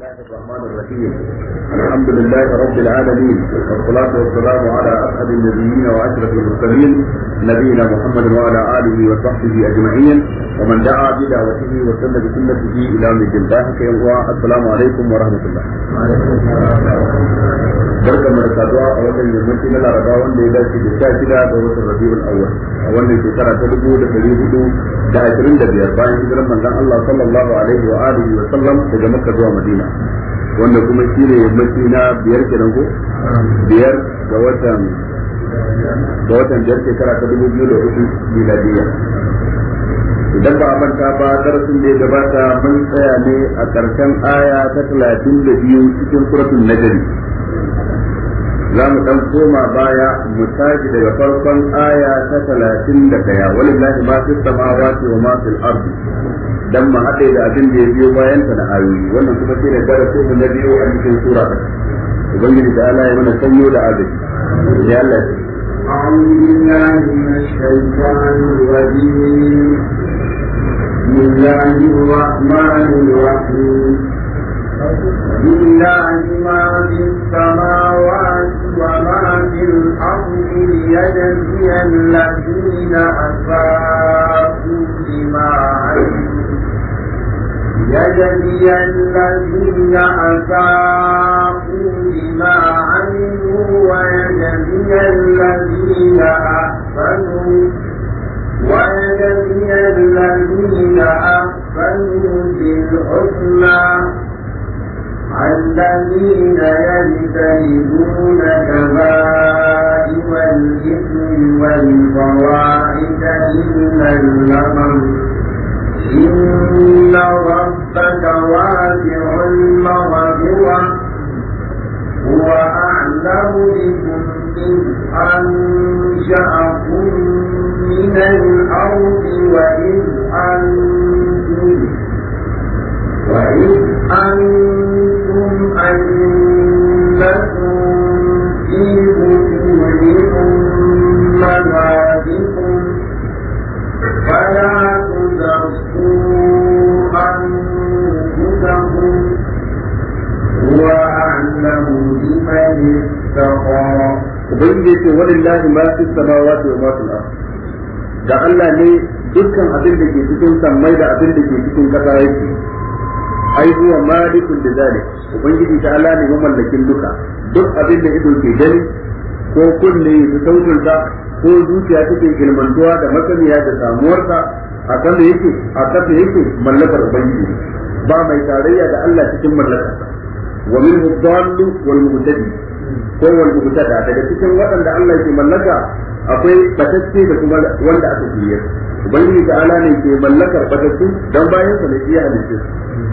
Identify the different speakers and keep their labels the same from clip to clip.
Speaker 1: الله الرحمن الرحيم الحمد لله رب العالمين والصلاة والسلام على أسعد النبيين وأشرف المرسلين نبينا محمد وعلى آله وصحبه أجمعين ومن دعا بدعوته وسن بسنته إلى يوم الدين السلام عليكم ورحمة الله barkan mu da saduwa a wannan yammaci na laraba wanda ya dace da sha shida ga watan rabiul awwal a wannan shekara ta dubu da dari hudu da ashirin da biyar bayan manzon Allah sallallahu alaihi wa alihi wa sallam daga makka zuwa madina wanda kuma shine yammaci na biyar kenan ko biyar ga watan da watan biyar shekara ta dubu biyu da hudu miladiya idan ba a manta ba darasin da ya gabata mun tsaya ne a ƙarshen aya ta talatin da biyu cikin suratun najari za mu dan koma baya mu tashi daga farkon aya ta talatin da daya walillahi ma fi samawati wa ma su ardi dan mu haɗe da abin da ya biyo bayan ta na ayoyi wannan kuma shi ne darasin na biyu a cikin sura ubangiji da Allah ya mana sanyo da agaji ya Allah
Speaker 2: الشيطان بسم الله الرحمن الرحيم لله ما في السماوات وما في الأرض ليجزي الذين أساءوا بما عملوا يجزي الذين أساءوا بما عملوا ويجزي الذين أحسنوا ويجزي الذين أحسنوا بالحسنى الذين يجتنبون كبائر الإثم والفواحش إلا اللمم إن ربك واسع المغفرة هو أعلم بكم إذ أنشأكم من الأرض وإذ أنتم وإذ أنتم أجمعون
Speaker 1: da Allah ne dukkan abin da ke cikin sammai da abin da ke cikin kasa yake ai ubangiji ta Allah ne mamallakin duk abin ido ke gani ko kunne ya sautin sa ko zuciya take ilmantuwa da masaniya da samuwarsa a kan yake a kasa yake mallakar ubangiji ba mai tarayya da Allah cikin mallakarsa wa minhu dhallu wal muhtadi ko wal muhtada daga cikin waɗanda Allah ke mallaka akwai batacce da kuma wanda aka jiye ubangiji ta ala ne ke mallakar batacce dan bayan sa ne iya halitta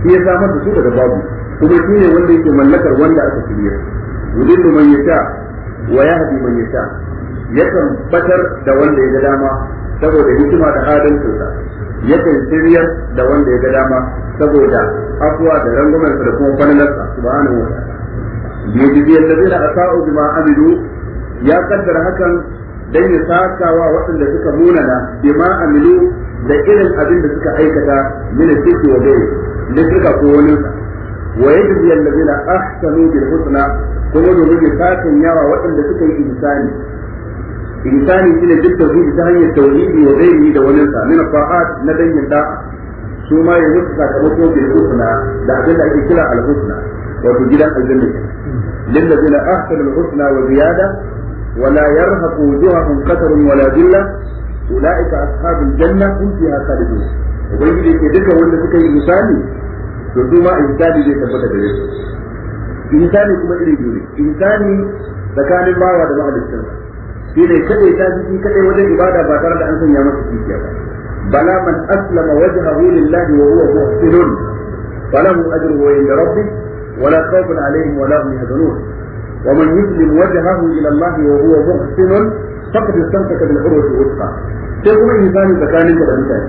Speaker 1: shi ya samar su daga babu kuma shi ne wanda yake mallakar wanda aka jiye yudillu man yasha wa yahdi man yasha yakan batar da wanda ya ga dama saboda hikima da adalcinsa yakan shiryar da wanda ya ga dama saboda afuwa da rangumar sa da kuma falalarsa subhanahu wa ta'ala da ladina asa'u bima amilu ya kaddara hakan dan ya sakawa waɗanda suka munana bima amilu da irin abin da suka aikata min shirki wa gairi da suka ko wani wa yujiziyar ladina ahsanu bil husna kuma da ya sakan yawa waɗanda suka yi misali? الإنسان يجينا جد توحيد تهي التوحيد وغيره إذا وننسى من الطاعات ندين دا ثم يوصف كمسوة الحسنى دا جد أي على الحسنى وتجد الجنة للذين أحسن الحسنى وزيادة ولا يرهق وجوههم قتر ولا ذلة أولئك أصحاب الجنة هم فيها خالدون وبيجي في ذكر وين ذكر الإنسان ثم إنسان يجي تبدا بيجي إنساني كما يريدون إنساني ذكاني ما وعد ما عليك shi ne kadai ta shi kadai wajen ibada ba tare da an sanya masa kishiya ba bala man aslama wajhahu lillahi wa huwa muhsinun falahu ajruhu inda rabbih ولا خوف عليهم wa هم يحزنون ومن يسلم وجهه الى الله وهو محسن فقد استمسك بالعروه الوثقى sai kuma insani tsakaninka da mutane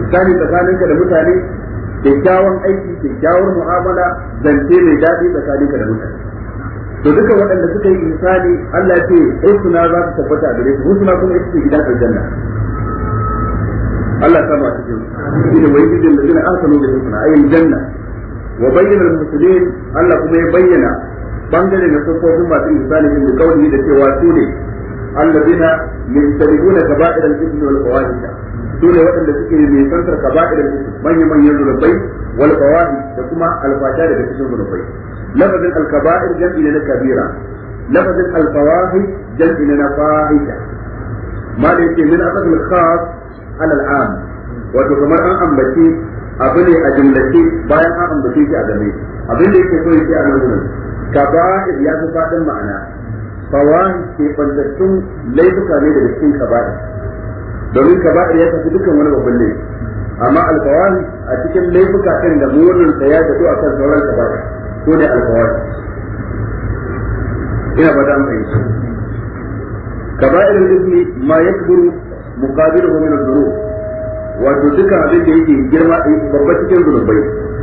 Speaker 1: insani tsakaninka da mutane kyakkyawan aiki kyakkyawar mu'amala zance mai daɗi tsakaninka da mutane to duka waɗanda suka yi insani Allah ya ce suna za su tabbata a gare su suna kuma ita ce gidan aljanna Allah ta ba ta ce ina wai gidan da an sanu da suna ayin janna wa bayyana al-muslimin Allah kuma ya bayyana bangare na sokofin masu insani din da kawai da cewa su ne alladina yajtanibuna kaba'ir al ibn wal qawaid su ne waɗanda suke ne santar kaba'ir al ibn manyan manyan zulubai wal qawaid da kuma alfasha daga cikin zulubai lafazin alkaba'ir jam'i ne na kabira lafazin alfawahi na fahisha ma da yake min asal wato kamar an ambaci abu ne a jumlace bayan an ambace shi a game abin da yake so yake a nan kaba'ir ya fi fadin ma'ana ke laifuka ne daga cikin domin ya tafi dukkan wani babban amma alfawahi a cikin laifuka kan da munin sa ya tafi a kan sauran ko da alfawari ina ba da an fahimci kaba'irul ismi ma yakburu muqabiluhu min adh-dhunub wato duka abin da yake girma babba cikin zunubai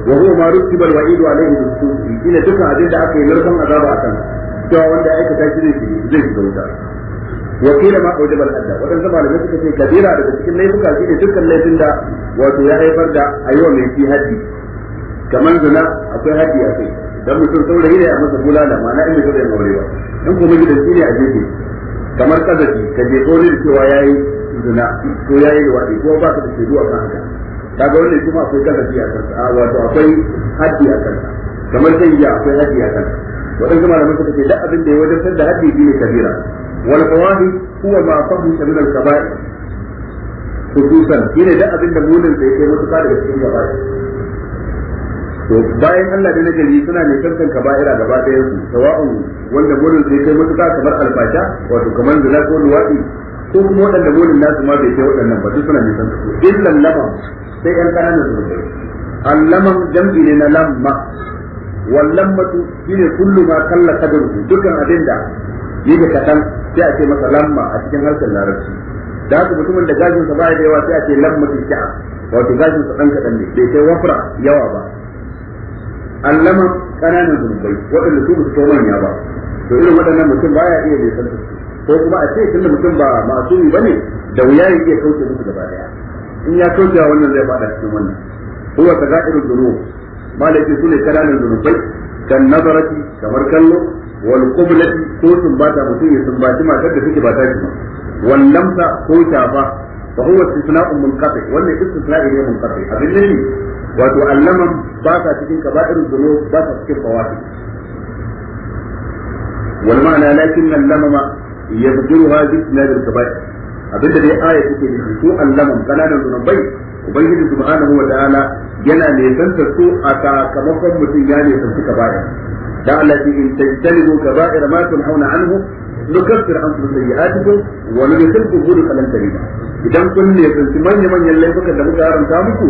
Speaker 1: wa huwa ma rutiba al-wa'idu alayhi bis-sufi ina duka abin da aka yi lardan azaba akan cewa wanda aikata shi zai zai shiga wuta wakila ma aujaba al-adda wadan zama da suka ce kabira daga cikin laifuka shine dukkan laifin da wato ya haifar da ayyuka mai fi haddi kamar zina akwai haddi a kai dan mutum saurayi ne a masa bulala ma'ana in mutum ya maurewa in kuma shi ne a jefe kamar kazafi ka je kone da cewa yayi zina ko yayi luwaɗi ko ba ka da shaidu duwa kan haka kaga wannan kuma akwai kazafi a kansa a wato akwai haddi a kansa kamar zai yi akwai haddi a kansa waɗansu malamai suka ce da abin da ya wajen da haddi shine kabira wal fawahi huwa ma fahimu min al kaba'ir khususan shine da abin da munin sai kai mutuka daga cikin gaba to bayan Allah da yi suna ne kankan kaba'ira gaba ɗayan su sawa'un wanda bolin sai kai mutuka kamar alfasha wato kamar zina ko luwaɗi ko kuma waɗanda bolin nasu ma bai kai wadannan ba duk suna ne kankan su illan laman sai ƴan ƙananan zunubai allaman jam'i ne na lamma wallan matu shine kullu ma kalla kadaru dukkan abin da yake kaɗan sai a ce masa lamma a cikin harshen larabci da haka mutumin da gajin sa ba da yawa sai a ce lamma tija'a wato gajin sa dan kaɗan ne bai kai wafra yawa ba allama kananan zunubai waɗanda su su kai manya ba to irin waɗannan mutum ba ya iya bai su ko kuma a ce tunda mutum ba masu ba ne da wuya ya iya kauce musu gaba daya in ya kauce wannan zai fada cikin wannan huwa kaza'irul dhunub malaki sune kananan zunubai kan nazarati kamar kallo wal qiblati ko sun bata mutum ya sumbaci matar da suke ba ta ba wal lamsa ko shafa fa huwa istisna'un munqati wannan istisna'i ne munqati abin ne wato allaman ba sa cikin kaba'irul dhunub ba sa cikin fawahi wal ma'ana lakin al-lamama yabduruha bi isnad al-kaba'ir abinda dai aya take nufi ko al-lamam kananan zunubai ubangiji subhanahu wa ta'ala yana nesanta su a sakamakon mutum ya nesanta kaba'ir da Allah ya in tajtalibu kaba'ir ma tunhauna anhu nukaffir an kullu sayyi'atikum wa nudkhilkum ghurfan karima idan kun ne tsanci manyan manyan laifukan da muka haramta muku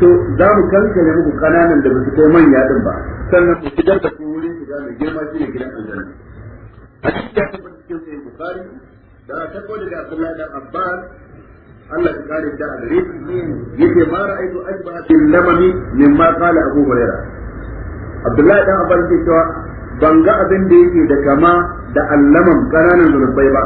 Speaker 1: to za mu kankare muku kananan da basu kai manya din ba
Speaker 2: sannan ku fitar da su wurin shiga mai girma shi ne gidan aljanna
Speaker 1: a cikin ta tabbata cikin sai bukari da ta ko daga abdullahi da abbas Allah ya kare da a gare yake ma ra'aytu ajba bil lamami mimma qala abu hurairah abdullahi dan abbas ke cewa ban ga abin da yake da kama da allaman kananan zulubai ba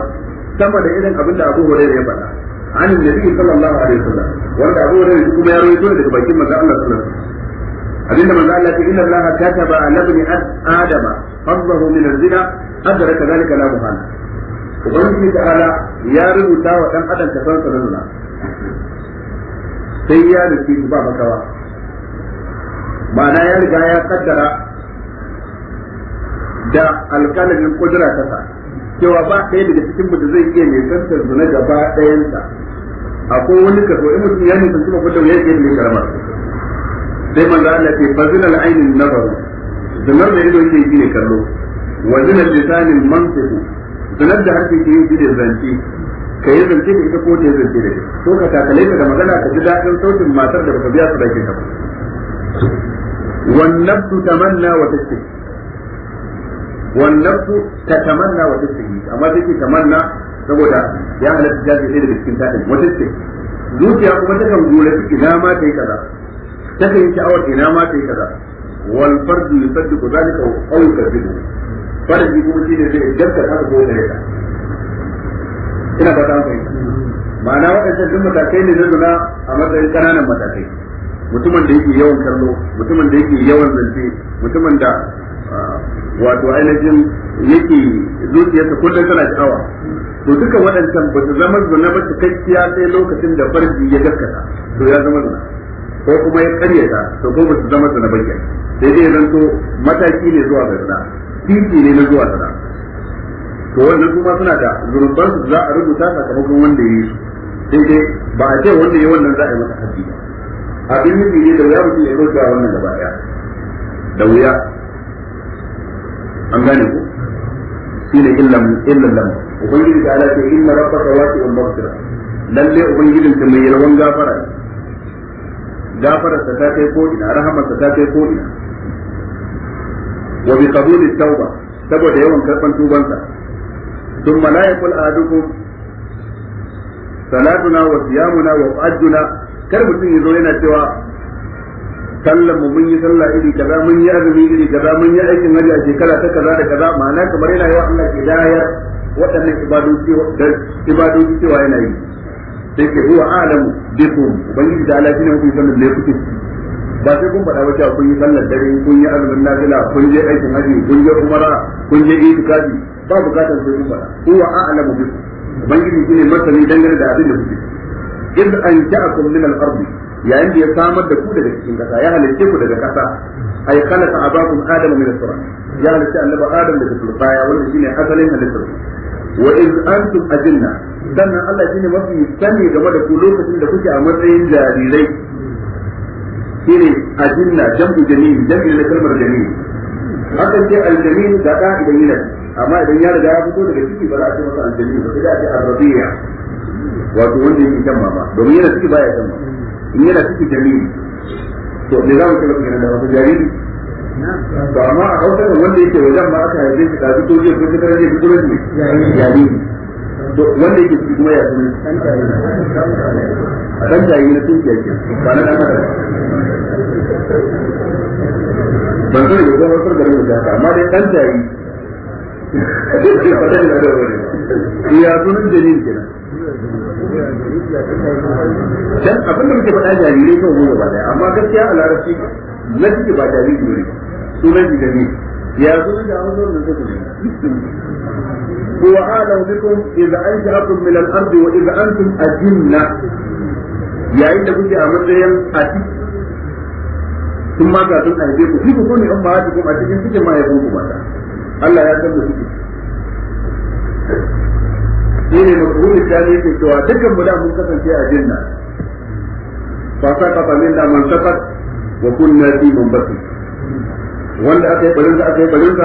Speaker 1: sama da irin abin da abu hurairah ya faɗa an nabi sallallahu alaihi wasallam wanda abu hurairah shi kuma ya rawaito daga bakin manzo Allah sallallahu alaihi abinda manzo Allah ya inna Allah kataba ala ibni adam fadlahu min az-zina adraka zalika la muhala ubangiji ta'ala ya rubuta wa dan adam kasan sai ya rufe ba makawa ma'ana ya riga ya kaddara da alƙalamin kudura ta sa cewa ba ɗaya daga cikin mu da zai iya mai su na gaba ɗayansa akwai wani kaso in mutum ya nisanci mafitar ya ke mai karamar sai manzo Allah ce fazil al'ainin, na nazaru zinar da ido ke yi ne kallo wa zinar lisanin mantiqu da harshe ke yi shi ne zance ka yi zance da ita ko ta yi zance da ita ko ka takale ta da magana ka ji daɗin sautin matar da baka biya su da ke kafa Wannan su tamanna wa ce. wannan ku ta tamanna wa tasbihi amma sai ke tamanna saboda ya halatta jaji ɗaya daga cikin tadin wata ce zuciya kuma ta kan gura su ina ma ta yi kaza ta kan yi sha'awar ina ma ta yi kaza wal fardu yusaddiqu zalika wa qawl kadhibu farji kuma shi ne zai gaskata haka ko da yaka ina fata an fahimta ma'ana waɗannan duk matakai ne na zuna a matsayin ƙananan matakai mutumin da yake yawan kallo mutumin da yake yawan zance mutumin da wato ainihin yake zuciyarsa kullum tana sha'awa to duka waɗancan ba su zama zuna ba cikakkiya sai lokacin da farji ya gaskata to ya zama zuna ko kuma ya karyata to ko ba su zama zuna ba ke sai dai to mataki ne zuwa ga zuna titi ne na zuwa zuna to wannan kuma suna da zunuban su za a rubuta sakamakon wanda ya yi su sai dai ba a ce wanda ya wannan za a yi masa hajji ba abin yi ne da wuya mutum ya yi wannan gaba ɗaya da wuya an gane ku illan illan lam ubangiji ta alaƙa inna rabbaka maghfira lalle ubangijin ta mai yalwan gafara gafarar ta kai ko ina rahamar ta kai ko ina wa bi qabuli tauba saboda yawan karban tubansa ثم لا يقول kar mutum yazo yana cewa sallan mu mun yi sallah iri kaza mun yi azumi iri kaza mun yi aikin haji a shekara ta kaza da kaza ma'ana kamar yana yawa Allah dayar waɗannan ibadoci ibadoci cewa yana yi sai ke huwa alamu bikum ubangiji da Allah shine mutum sanin da ya fito ba sai kun faɗa ba cewa kun yi sallar dare kun yi azumin nafila kun je aikin haji kun je umara kun je itikafi ba bukatar sai kun faɗa huwa a'lamu bikum ubangiji shine masani dangane da abin da kuke إذ أنشأكم من الأرض yayin da ya samar da ku daga cikin kasa ya halitte ku daga kasa ay khalaqa abakum adama min as-sura ya halitta annabi adam daga turbaya wanda shine asalin halittar wa iz antum ajinna sannan Allah shine mafi sani game da ku lokacin da kuke a matsayin jarirai shine ajinna jam'u jamil jam'i na kalmar jamil haka ce al da da idan yana amma idan ya riga ya fito daga ciki ba za a ce masa al-jamil ba sai da a ce ar-rabi'a wato wanda yake kan mama domin yana ciki baya kan mama in yana ciki jariri to me za mu kira kenan da wasu jariri to amma a hausa da wanda yake wajen ma aka haife shi ɗazu ko jiya ko shekarar jiya ko ne jariri to wanda yake ciki kuma ya suna a ɗan jariri na tunkiya ke ba na ɗan ban sani da kuma wasu garin da haka amma dai ɗan jariri ya sunan jariri kenan dan abin da muke faɗa jarirai kan goma ba daya amma gaskiya a larabci na suke ba jariri ne sunan jidani ya zo da hausa da suka ne هو أعلم بكم إذا أنشأكم من yayin da kuke a matsayin ati sun ma ga tun haife ku fi ku ne an ba ku a cikin cikin mahaifin ku mata Allah ya san da shi ne mabruri ta ne ke cewa dukkan mu da mun kasance a jinna fa saka fa min da man saka wa kunna fi munbati wanda aka yi barin aka yi barin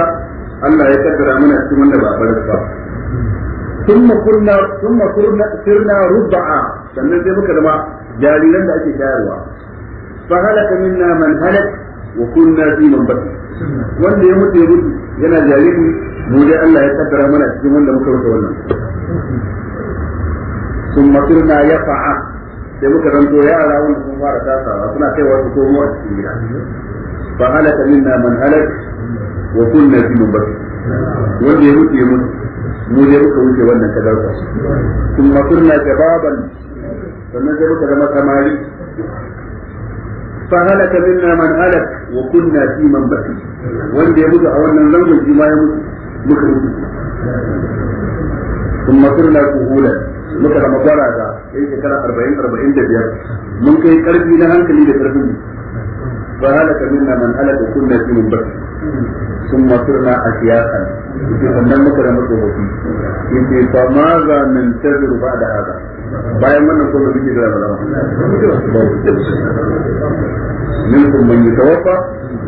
Speaker 1: Allah ya kaddara mana cikin wanda ba barin ba thumma kunna thumma kunna sirna rubba'a sannan sai muka zama jariran da ake tayarwa, fa halaka minna man halak wa kunna fi munbati wanda ya mutu ya mutu yana jariri mu dai Allah ya kaddara mana cikin wanda muka mutu wannan sun na ya fa'a sai muka zanto yara wanda sun fara tasawa suna kai wasu komo a cikin gida fa halaka minna man halak wa kunna fi mubaki wanda ya wuce mu mu ne muka wuce wannan kadarsa sun makirna shababan sannan sai muka zama samari fa halaka minna man halak wa kunna fi mubaki wanda ya mutu a wannan zangon shi ma ya mutu muka wuce ثم سرنا سهولا مثل ما قال هذا ليس كان 40 40 دبيات ممكن يقرب من هناك اللي يقربني فهلك منا من هلك كنا في مبكر ثم سرنا اشياء يمكن ان نمكر مكر فماذا من فماذا بعد هذا باي من kuma biki da rabawa minkum man yatawaffa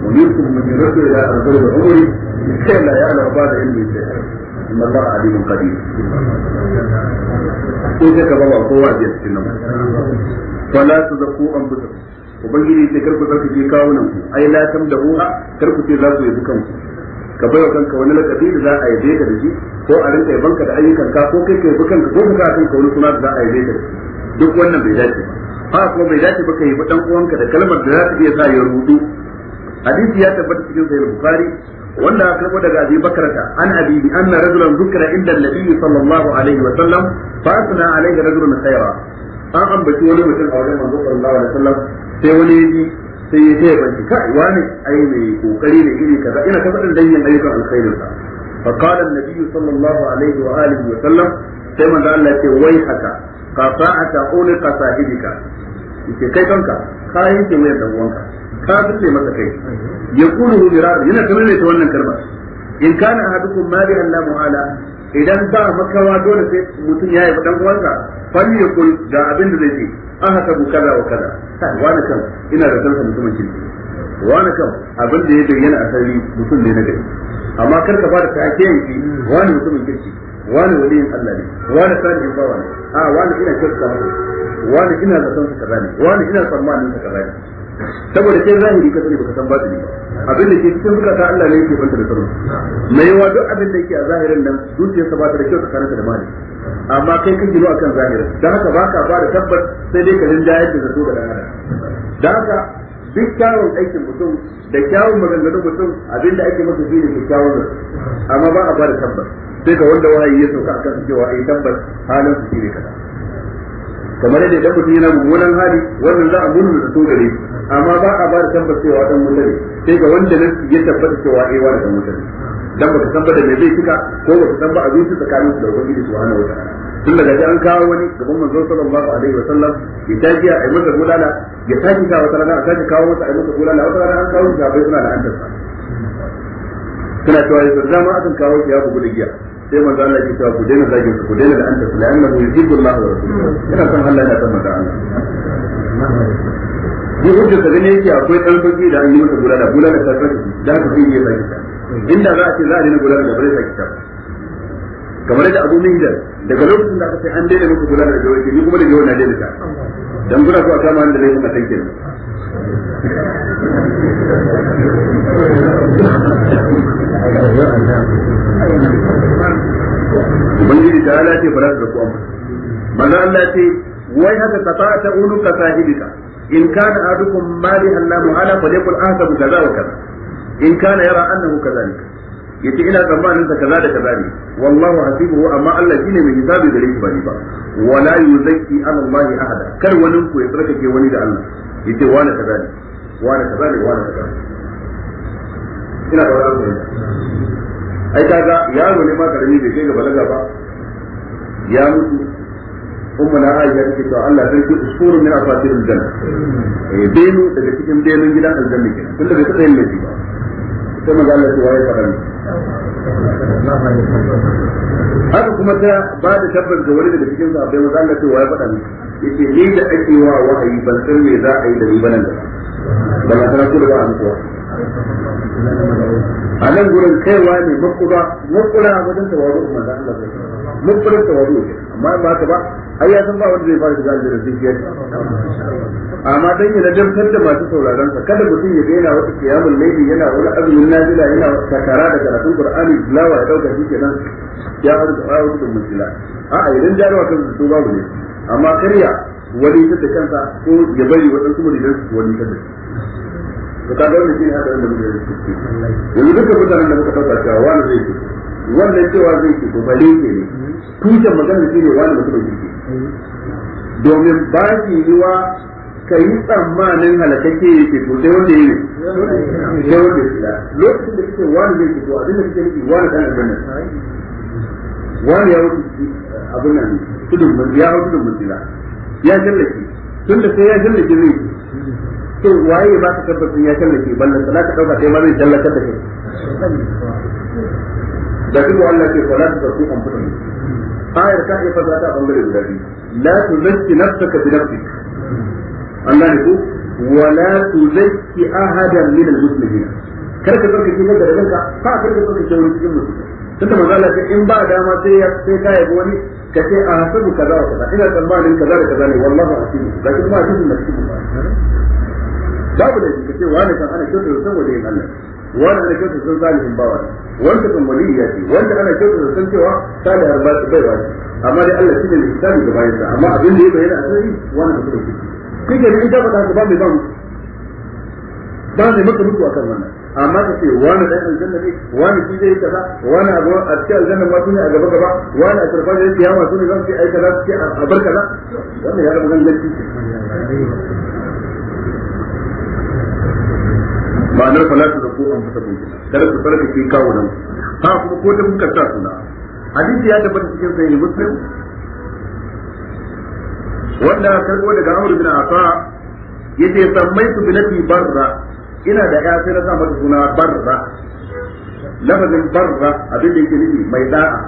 Speaker 1: wa minkum man yurdu ila arzul umri kalla ya la ba'da illi inna Allah alimun ko sai ka ba kowa a cikin nan fala tuzaqu anfusakum ubangiji sai karku tsarkake kawunan ku ai la tamda'uha karku ce za ku yi kanku ka bai wa kanka wani lakabi da za a yabe da shi ko a rinka yaban ka da ayyukan ka ko kai ka yabi kanka ko ka kanka wani suna da za a yabe ka da duk wannan bai dace ba ha kuma bai dace ba ka yabi dan uwanka da kalmar da za ta iya sa ya rudu hadisi ya tabbata cikin sahih bukhari wanda aka karbo daga Abi Bakrata an abi bi anna rajulan dhukira inda an-nabi sallallahu alaihi wa sallam fa asna alaihi rajulun khayra an ambaci wani mutum a wajen manzo sallallahu alaihi wa sallam sai wani yaji sai ya ce ban kai wani ai mai kokari da iri kaza ina ta fadin dangin ayyukan alkhairin sa fa qala an-nabi sallallahu alaihi wa alihi wa sallam sai manzo Allah ya ce wai haka qata'ata ulqa sahibika yake kai kanka ka yanke wayar dan uwanka ka fille masa kai yaquluhu dirar yana kamar ta wannan karba in kana ahadukum malihan la mu'ala idan ba makawa dole sai mutum ya yi dan uwansa fal yakul ga abin da zai ce aka tabu kaza wa kaza wani kan ina da kansa mutumin kirki wani kan abin da ya bayyana a sarri mutum ne na gari amma kar ka ba da take yanki wani mutumin kirki wani waliyin Allah ne wani salihin bawa ne a wani ina kirka wani ina zaton sa kaza ne wani ina tsammanin sa kaza ne saboda kai zahiri ka sani baka san batini ba abin da ke cikin zukata Allah ne yake banta da sarrafa mai yawa duk abin da yake a zahirin nan zuciyarsa ba ta da kyau tsakaninsa da mali amma kai ka gino akan zahirin dan haka baka ba da tabbas sai dai ka rinjayar da zato da dana dan haka duk kyawun aikin mutum da kyawun maganganun mutum abin da ake masa da kyawun zato amma ba a ba da tabbas sai ga wanda wahayi ya sauka akan cewa ai tabbas halin su shine kaza kamar yadda idan mutum yana mummunan hali wannan za a murna da to gare amma ba a ba da tabbas cewa dan mutane sai ga wanda nan ya tabbata cewa eh, wani dan mutane dan san ba da me zai fika ko baka san ba abin su tsakanin su da ubangiji subhanahu tun daga ji an kawo wani gaban manzon sallallahu alaihi wa sallam ya tafi a yi masa gudana ya tafi ka wata rana a tafi kawo masa a yi masa gudana wata rana an kawo su bai suna da antarsa suna cewa ya eh, zarga ma akan kawo ya giya sai manzo Allah ya cewa ku daina zagin ku daina da Allah wa rasuluhu yana son Allah yana manzo Allah shi hujjar ka gani yake akwai ɗan sauki da an yi masa bulala bulala ta sauki da haka sai ya sake inda za a ce za a daina bulala da bare sake ta kamar da abu min da daga lokacin da aka sai an daina maka bulala da gawace ni kuma da gawace na daina ta dan kuna ko a kama da laifin a tankin Ubangiji ta ala ba za su da ku amma. Manzo Allah ce wai haka ka ta unuka sahibika in kana ahadukum mali Allah mu'ala fa yaqul ahsabu kaza wa kaza in kana yara annahu kadhalika yace ina tsammanin sa kaza da kaza ne wallahu hasibuhu amma Allah shine mai hisabi gare shi ba ni ba wala yuzakki ala Allah ahada kar wani ku ya ke wani da Allah yace wani kaza ne wani kaza ne wani kaza ina da wani ai kaga yaro ne ma karami bai kai ga balaga ba ya mutu umma na aisha take cewa Allah eh, sai ki usurun min afatir aljanna eh Allah haka kuma ta ba da tabbas ga wani daga cikin sahabbai manzo Allah ya waye fara yace ni da ake wa wahayi ban san me za a yi da ni ba nan da ba na ku da a nan gurin kaiwa ne makura makura wajen mun kurin tawadu amma ba ka ba ai ya san ba wanda zai fara shiga aljanna sai amma dan yana dantar da masu sauraron sa kada mutum ya daina wata kiyamul layli yana wani azumin nazila yana takara da karatun qur'ani tilawa ya dauka shi kenan ya arzu ya da mutila a a idan jarawa kan su babu ne amma karya wani ta da kansa ko ya bari wadansu da su wani ta da to kaga wannan shi hadarin da muke da shi duka mutanen da muka tabbata wani zai yi wannan cewa zai ce to bale ke ne tushen magana shi ne wani mutum kirki domin ba shi yiwa ka yi tsammanin halakakke ya ce to sai wanda ya yi sai wanda ya tsira lokacin da kake wani zai ce to abin da kake nufi wani kan abin nan wani ya wuce abin nan tudun mun ya wuce tudun mun fila ya jallake tun da sai ya jallake zai to waye ba ka tabbacin ya jallake ballan sana ka dauka sai ma zai jallakar da kai da duk Allah ke fara da su an fita ayar ta iya fara ta bangare guda biyu la tuzakki nafsaka bi nafsik Allah ne ko wa la tuzakki ahadan min al-muslimin kar ka zarka ki da ranka ka kar ka zarka ki wani cikin musulmi tunda manzo Allah ce in ba dama sai ya sai ka yabo wani ka ce a hasabu kaza wa kaza ina tsammanin kaza da kaza ne wallahi asimu da kuma asimu da cikin ba babu da kike wani kan ana kyautar saboda yin Allah wani ana kyautar sun salihin bawa wanda kan wali ya ce wanda ana kyautar da san cewa salihar ba su baiwa ce amma dai Allah shine mai kitabi ga bayansa amma abin da ya bayyana a sarari wani da kuma shi ke da ita ba ta ba mai ba mu ba mai maka mutu akan amma ka ce wani dan aljanna ne wani shi zai kaza wani abu a cikin aljanna ma sune a gaba gaba wani a tarfa da kiyama sune zan ce ai kaza ce a bar kaza wannan ya rabu ganganci ma'anar fa la tu ta an fata kun kada ku sarka ke kawo nan ha kuma ko da kuka sa suna hadisi ya tabbata cikin sahih muslim wanda go daga Amr bin afa yace sammai su binati barra ina da ya sai na sa mata suna barra lafazin barra abin da yake nufi mai da'a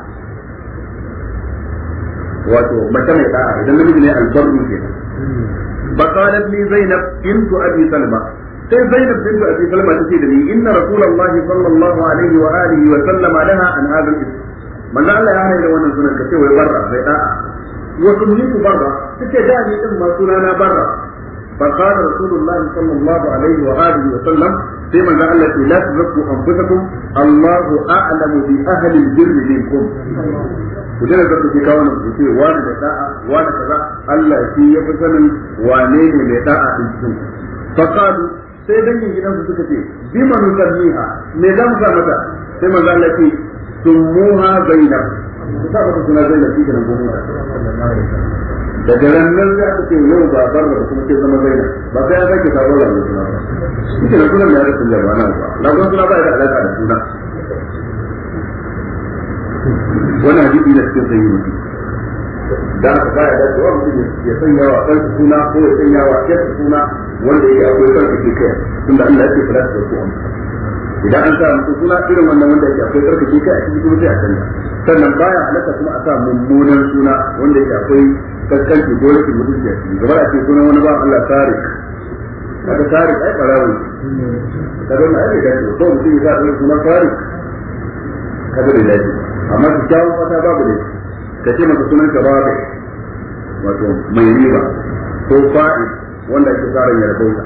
Speaker 1: wato mace mai da'a idan namiji ne albarru Ba فقالت لي Zainab, bint abi salma sai zainab bintu abi salma tace da ni inna rasulullahi sallallahu alaihi wa alihi wa sallama laha an hadha al-ism manzo Allah ya hana wannan sunan kace wai barra bai da'a wa sunnitu barra kace da ni din ma sunana barra fa qala rasulullahi sallallahu alaihi wa alihi wa sallam sai manzo Allah ce la tuzakku anfusakum Allahu a'lamu bi ahli al-birri minkum ku dana zaka ce kawo nan ku ce wani da da'a wani kaza Allah shi ya fi sanin wane ne mai da'a din ku fa qalu sai dangin gidansu suka ce bi man kalliha me za mu sa mata sai manzo Allah ce muha zainab ku sa mata suna zai shi kenan gobe da garan nan za ku ce yau ba bar da kuma ke zama zainab ba sai ya sake sabon rayuwar suna ba shi kenan sunan ya rasu da ba na ba lagon suna ba ya da alaka da suna wannan hadisi na cikin sahihi mutum da aka kaya da cewa mutum ya sanya wa kansa suna ko ya sanya wa kansa suna wanda yake akwai ke kai tunda Allah ya ce fara da ku idan an sa mutum suna irin wannan wanda yake akwai ke kai a cikin kuma ya a sannan baya halatta kuma a sa mummunan suna wanda yake akwai kaskanci ko rashin mutunci a cikin gaba a ce sunan wani ba Allah tarik kaga tarik ai barawun kaga wannan ai da ko mutum ya sa sunan tarik kaga da lafiya amma ki jawo fata babu ne ka ce masa sunan ka ba wato mai riba ko fa'i wanda ake tsarin yarda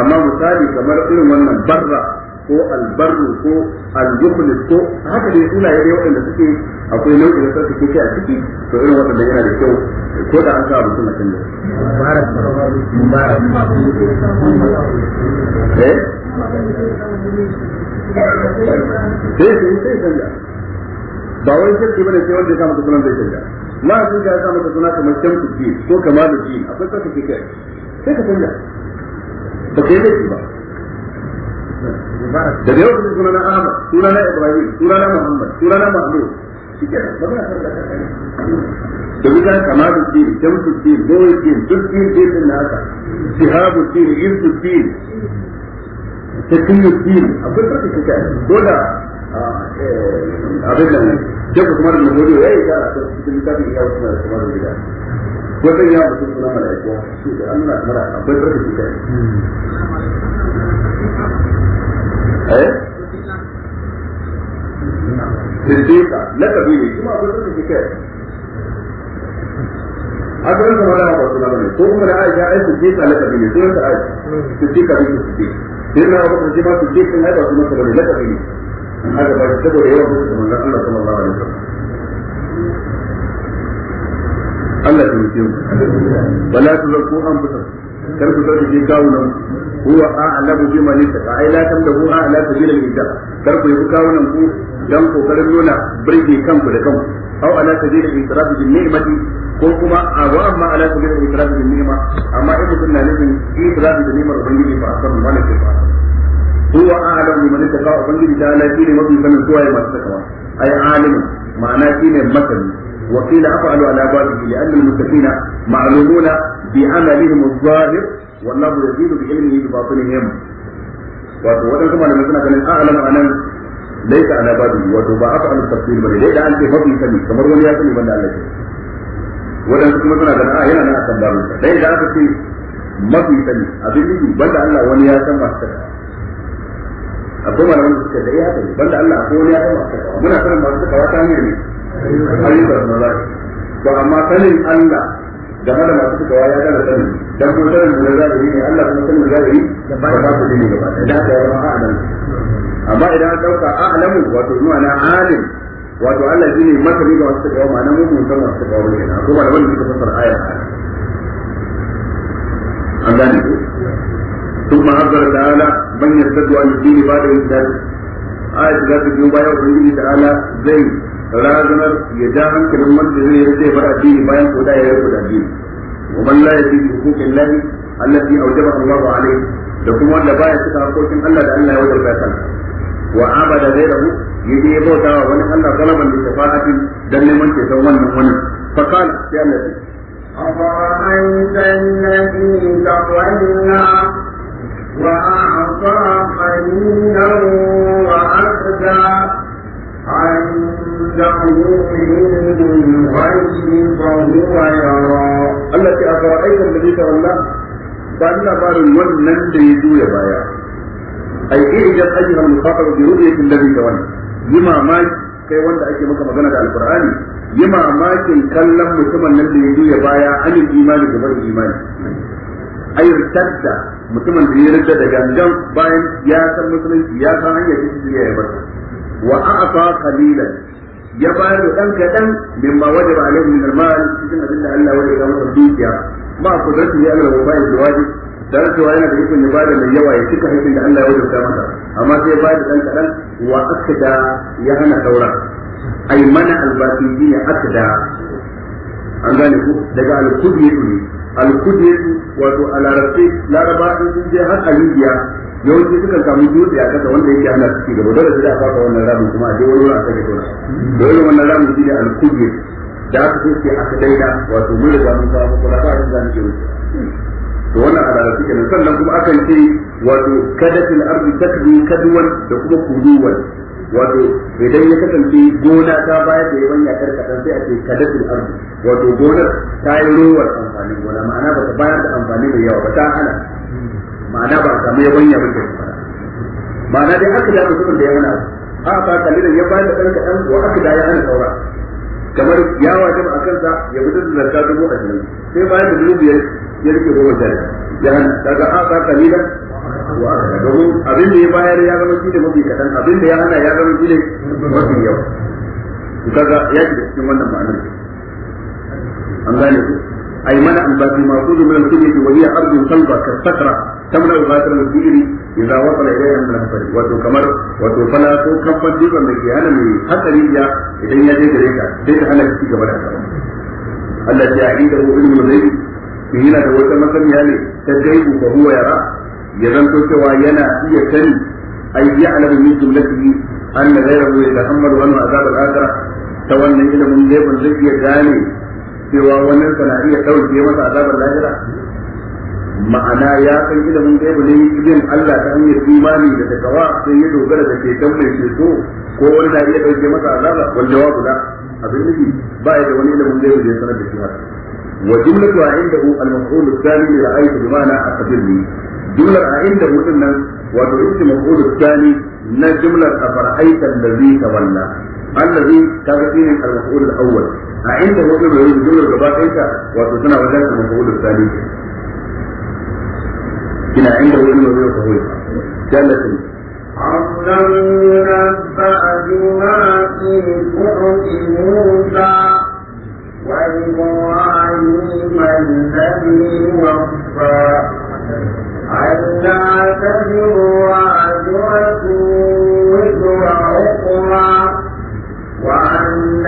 Speaker 1: amma misali kamar irin wannan barra ko albarru ko aljuhlis ko haka dai suna ya dai waɗanda suke akwai nau'in da suke kai a ciki to irin waɗanda yana da kyau ko da an sa mutum suna kan da eh? sai sai sai ba wai sarki bane sai wanda ya kama sunan zai canja na sun ya samu suna kamar shamsu ko kamar da ji akwai sarki kai sai ka canja ba ka yi laifi ba daga yau kuma sunana Ahmad sunana Ibrahim sunana Muhammad sunana Mahmud shike ba ba da wuta kamar din jamsu din boye din duk din din na haka sihabu din irsu din
Speaker 2: takiyu din akwai
Speaker 1: karfi kuka dole eh, abin nan jabu kuma da mahmudu ya yi ta cikin iya na kuma da wajen ya mutum suna mala'iku su da an nuna kamar akwai tsarki kai eh siddiqa lakabi ne kuma akwai tsarki kai a garin kamar da ba suna bane ko kuma da aisha ai siddiqa lakabi ne sunan ta aisha siddiqa ne siddiqa sai na abu da ma siddiqa ne ba sunan ta bane lakabi ne haka ba saboda yawan mutum manzon Allah ba alaihi Allah ya yi mu wala tuzakku anfusakum kar ku tsarki kawunan huwa a'lamu bi man ittaka ai la tamdahu a'la sabil al-ijab kar ku yi kawunan ku dan kokarin nuna birge kanku da kanku aw ala sabil al-itraf bi ni'mati ko kuma a wa amma ala sabil al-itraf bi ni'ma amma idan kunna nufin itraf bi ni'mar ubangiji ba san wala ke ba huwa a'lamu bi man ittaka ubangiji ta ala shine mafi sanin kowa ya masu takawa ai alimu ma'ana shine masani وقيل افعل على بابه لان المتقين معلومون بعملهم الظاهر والله يزيد بعلمه بباطنهم. وتوضا كما لم يكن كان اعلم عن ليس على بابه وتوبا افعل التفكير بل ليس عن في فضل سمي كما هو ياتي من الله عليه. وتوضا كما كان كان اعلم عن التفكير ليس عن في mafi sani abin nufi banda Allah wani ya san masu takawa akwai malaman da suka da iya sani banda Allah akwai wani ya san masu takawa muna sanin masu takawa ta hanyar ne ayyukan mazaji to amma sanin Allah da da masu fitowa ya gana sanin dan ko sanin da yi ne Allah kuma sanin zahiri da ba ku dini gaba da ka yi a'lamu amma idan an dauka a'lamu wato zuwa na alim wato Allah shine masani ga wasu fitowa ma'ana mun mun san wasu fitowa ne na ko ba da wani suka fasara ayar an gane ko ثم عبر تعالى من يرتد عن الدين بعد إمداد آية ذات اليوم بايع تعالى زي razanar ya ja hankalin wanda zai yi zai bar addini bayan ko da ya yi da addini wa man la yadi hukumin lahi allati awjaba Allahu alayhi da kuma wanda baya cika hakokin Allah da Allah ya wajaba kansa wa abada ghayrahu yaje ya bauta wa wani Allah talaban da shafa'atin dan neman ceton wannan wani
Speaker 2: fa kana sai Allah أفرأيت الذي تولى وأعطى قليلا وأخذى عن تستقيم علم الغيب فهو يرى ya أفرأيت الذي تولى بأن
Speaker 1: بار ونن ليدو يا بايا أي إيجاد أجر المخاطر برؤية الذي تولى لما مات kai wanda ake maka magana da alkur'ani yi mamakin kallon mutumin nan da ya juya baya anin imani da bari imani ayyurtarta mutumin da ya rida da gangan bayan ya san musulunci ya san hanyar da ya yi wa a'afa qalilan ya bayar da dan kadan min wajen wajaba alaihi min almal cikin abin da Allah ya ga masa dukiya ma kudratu ya Allah wa bayar da wajibi dan cewa yana da ikon ibada mai yawa ya cika haƙin da Allah ya wajen wajabta masa amma sai bayar da dan kadan wa akada ya hana daura Ai mana ya akada an gane ku daga alkudiyatu ne alkudiyatu wato a larabci laraba sun je har a yawanci sukan samu dutse a kasa wanda yake ana ciki gaba dole sai a faka wannan ramin kuma a je wani wuri a sake tona dole wannan ramin shi ne alkubir da aka so ke aka daina wato mun riga mun samu kula ba yin zamu ke wuce to wannan alala suke nan sannan kuma akan ce wato kadatil ardi takbi kadwan da kuma kuduwan wato idan ya kasance gona ta bayar da yawan yakar kadan sai a ce kadatil ardi wato gonar ta yi rowar amfani gona ma'ana ba ta bayar da amfani mai yawa ba ta hana ma'ana ba samu yabanya ba ke ma'ana dai aka da mutumin da ya hana a ba kalilan ya bayar da ɗan kaɗan wa aka da ya hana saura kamar ya wajaba a kansa ya fitar da zarka dubu a jini sai bayan da dubu biyar ya rike goma sha ya hana daga a ba kalilan wa aka domin abin da ya bayar ya zama shi ne mafi kaɗan abin da ya hana ya zama shi ne mafi yawa kaga ya da cikin wannan ma'anar an gane ku أيمن الباقي مأخوذ من الكلية وهي أرض صلبة كالصخرة تمنع باطل الكبير إذا وصل إليها من الحفر وتكمر وتفلا تكفر جيبا من كيانا من حتى ليبيا إذا يجي جريكا ديك أنا كتيك ولا التي أعيده علم الغيب في هنا دوت مثل يعني تجيب فهو يرى يظن سوى ينا هي كن أي يعلم من جملته أن غيره يتحمل عنه عذاب الآخرة سواء من علم الغيب زي gane cewa wannan sana iya dauke masa azabar lahira ma'ana ya san ilimin gaibu ne yin Allah ta hanyar imani da takawa sai ya dogara da ceton mai ceto ko wani na iya dauke masa azaba wal jawabu la abin nufi ba ya da wani ilimin gaibu da ya sanar da shi haka wa jumlatu indahu al-maf'ul al-thani li ra'aytu bi ma'ana aqdirni jumlar a inda mutum nan wato ismi maf'ul al-thani na jumlar afara'aita allazi tawalla allazi kaga shine al-maf'ul al-awwal a inda wasu da yanzu jumlar gaba ɗaya wato suna wajen kamar kawular sani ina inda wasu da yanzu kawai jallatin
Speaker 2: أَوْلَمْ يُنَبَّأَ بِمَا فِي صُحُفِ مُوسَى وإبراهيم الذي وفى ألا تزر وازرة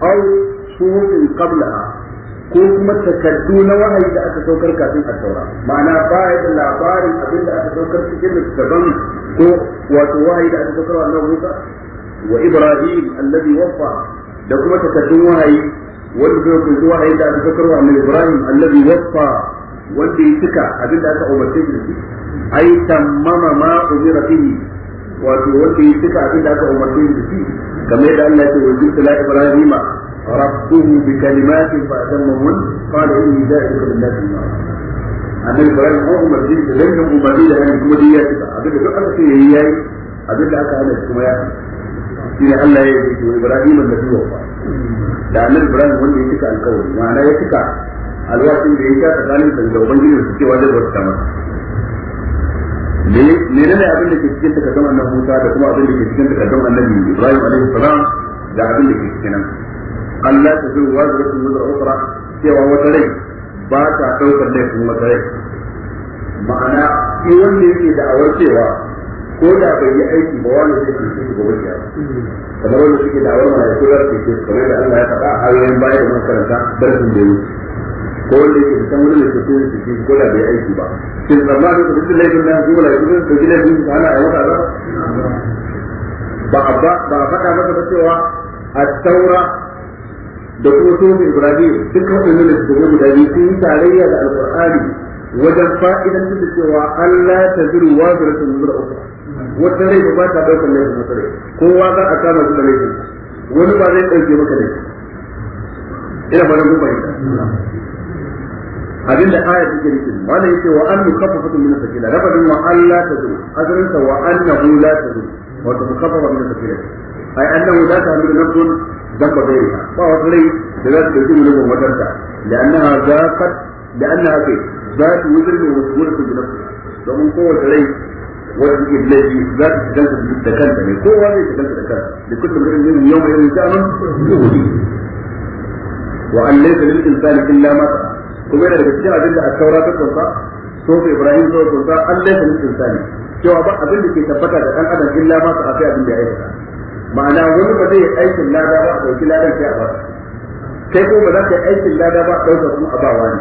Speaker 1: aw suhufin qablaha ko kuma takardu na wahayi da aka saukar kafin a saura ma'ana baya da labarin abin da aka saukar cikin littattafan ko wato wahayi da aka saukar wa Allah Musa wa Ibrahim alladhi waffa da kuma takardun wahayi wanda zai kunshi wahayi da aka saukar wa Annabi Ibrahim waffa wanda ya abin da aka ai wato wanda ya cika abin da aka umarce shi shi kamar yadda Allah ya ce wajen tala ibrahima rabbuhu bi kalimatin fa atammahun qala inni ja'iluka lin-nasi imama annabi ibrahim ko umarce shi dan nan umarni da hannun kuma ya cika abin da duk aka ce yayi yayi abin da aka hana kuma ya shi ne Allah ya yi wa ibrahim da zuwa fa da annabi ibrahim wanda ya cika alƙawari ma'ana ya cika alwashin da ya ta tsakanin da ubangiji su cewa zai bauta masa menene ne abin da ke cikin takardun annabi Musa da kuma abin da ke cikin takardun annabi Ibrahim alaihi salam da abin da ke cikin nan Allah ta zuwa wa da rasul da ukra cewa wata rai ba ta daukar laifin wata rai ma'ana shi wanda yake da awar cewa ko da bai yi aiki ba wani zai ke cikin gobe ya kamar wanda suke da awar mai kula da ke kamar da Allah ya faɗa a ayoyin baya da makaranta darasin da yake ko wanda yake da samun da kuke da shi ko da bai aiki ba shin tsammani da duk laifin da su wala su da gida su ana a wata ba ba ba ba faɗa maka ba cewa at-taura da kuma sunan ibrahim duk wannan da su guda biyu sun yi tarayya da alqur'ani wajen fa'idan da cewa Allah ta zuru wa zuratun zura uku wata rai ba ta daukar laifin wata rai kowa za a kama su da laifin wani ba zai ɗauke maka laifin ina ba da gumbayi abin da ayar take nufi wanda yake wa an mukaffafatun min sakila rabadin wa alla tadu azrin sa wa annahu la tadu wa mukaffafa min sakila ai annahu la ta'muru nafsun damba bayriha ba wa dai da za ta dauki mulkin wadarta la'annaha zaqat la'annaha fi ذات وزر da بنفسها domin kowace rai wanda ke laifi za ta shiga da kanta ne kowa zai shiga da kanta da kullum irin yin yau mai yin sha'anin yuhudi wa an laysa lil insani illa ma ta'a kuma yana daga cikin abin da a taura ta kunsa sofa ibrahim ta kunsa allah ya mutu sani cewa ba abin da ke tabbata da dan adam illa ma su akai abin da ya aikata ma'ana wani ba zai yi aikin lada ba a ɗauki ladan sai a ba kai ko ba za ka yi aikin lada ba a ɗauka kuma a bawa wani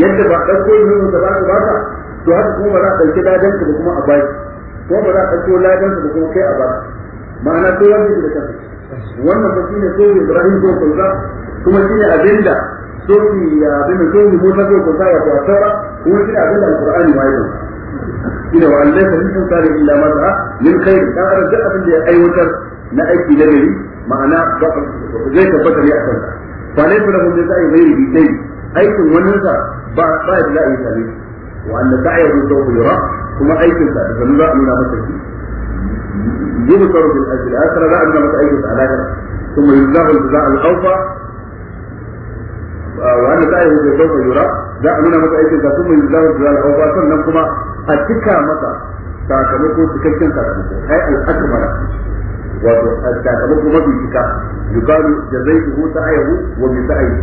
Speaker 1: yadda ba ɗauko yin da za ka ba ka to haka kuma ba za a ɗauki ladan ka kuma a ba ko ba za a ɗauko ladan ka kuma kai a ba ma'ana ko wani da kansa wannan ba shine so Ibrahim ko kullu kuma shine abinda soki ya abin da soki musa ko ko sai ko tsara ko shi abin da alqur'ani ma yau ina wa Allah ka rinka tsare illa ma ta min kai da ara da abin da ya aiwatar na aiki da gari ma'ana ba zai tabbata ne akan ba ne fara mun da sai bai bi dai aikin wannan sa ba ba da yi sai wa Allah sa'ihu sawfa yura kuma aikin sa da za a nuna masa shi يبصر في الأجل آخر لا أن متأيد على ثم يجزاه الجزاء الأوفى wanda za a yi hoto sau yura za a nuna masa aikin kafin mai zahar da zahar ba sannan kuma a cika masa sakamako cikakken sakamako ai al'akamara wato sakamako mafi cika yukalu jazaitu sa'ayahu wa min sa'ayi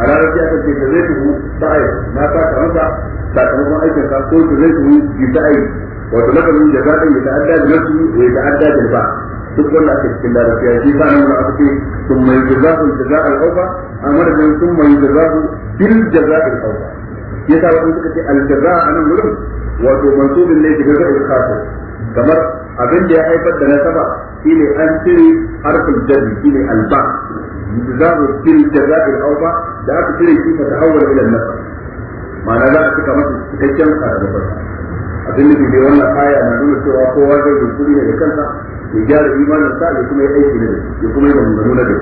Speaker 1: a ranar ya kace jazaitu sa'ayahu na saka masa sakamakon aikin ka ko jazaitu bi sa'ayi wato lafazin jazaa'in ya ta'adda da nafsi ya ta'adda da ba duk wanda ake cikin larabci ya ji sanan da aka ce sun mai jazahu jaza'al awfa amma da sun mai jazahu bil jaza'il awfa yasa wannan suka ce al jaza'a anan gurin wato mansubin ne daga zai kamar abin da ya haifar da nasaba shine an cire harfin jazm shine al ba jazahu bil jaza'il awfa da aka cire shi fa ta'awwal ila nasab ma'ana za a cika masa cikakken karatu abin da ke wannan aya na nuna cewa kowa zai rukuni ne da kansa ya gyara imanin sa ya kuma yi aiki na ya kuma yi maganganu na gari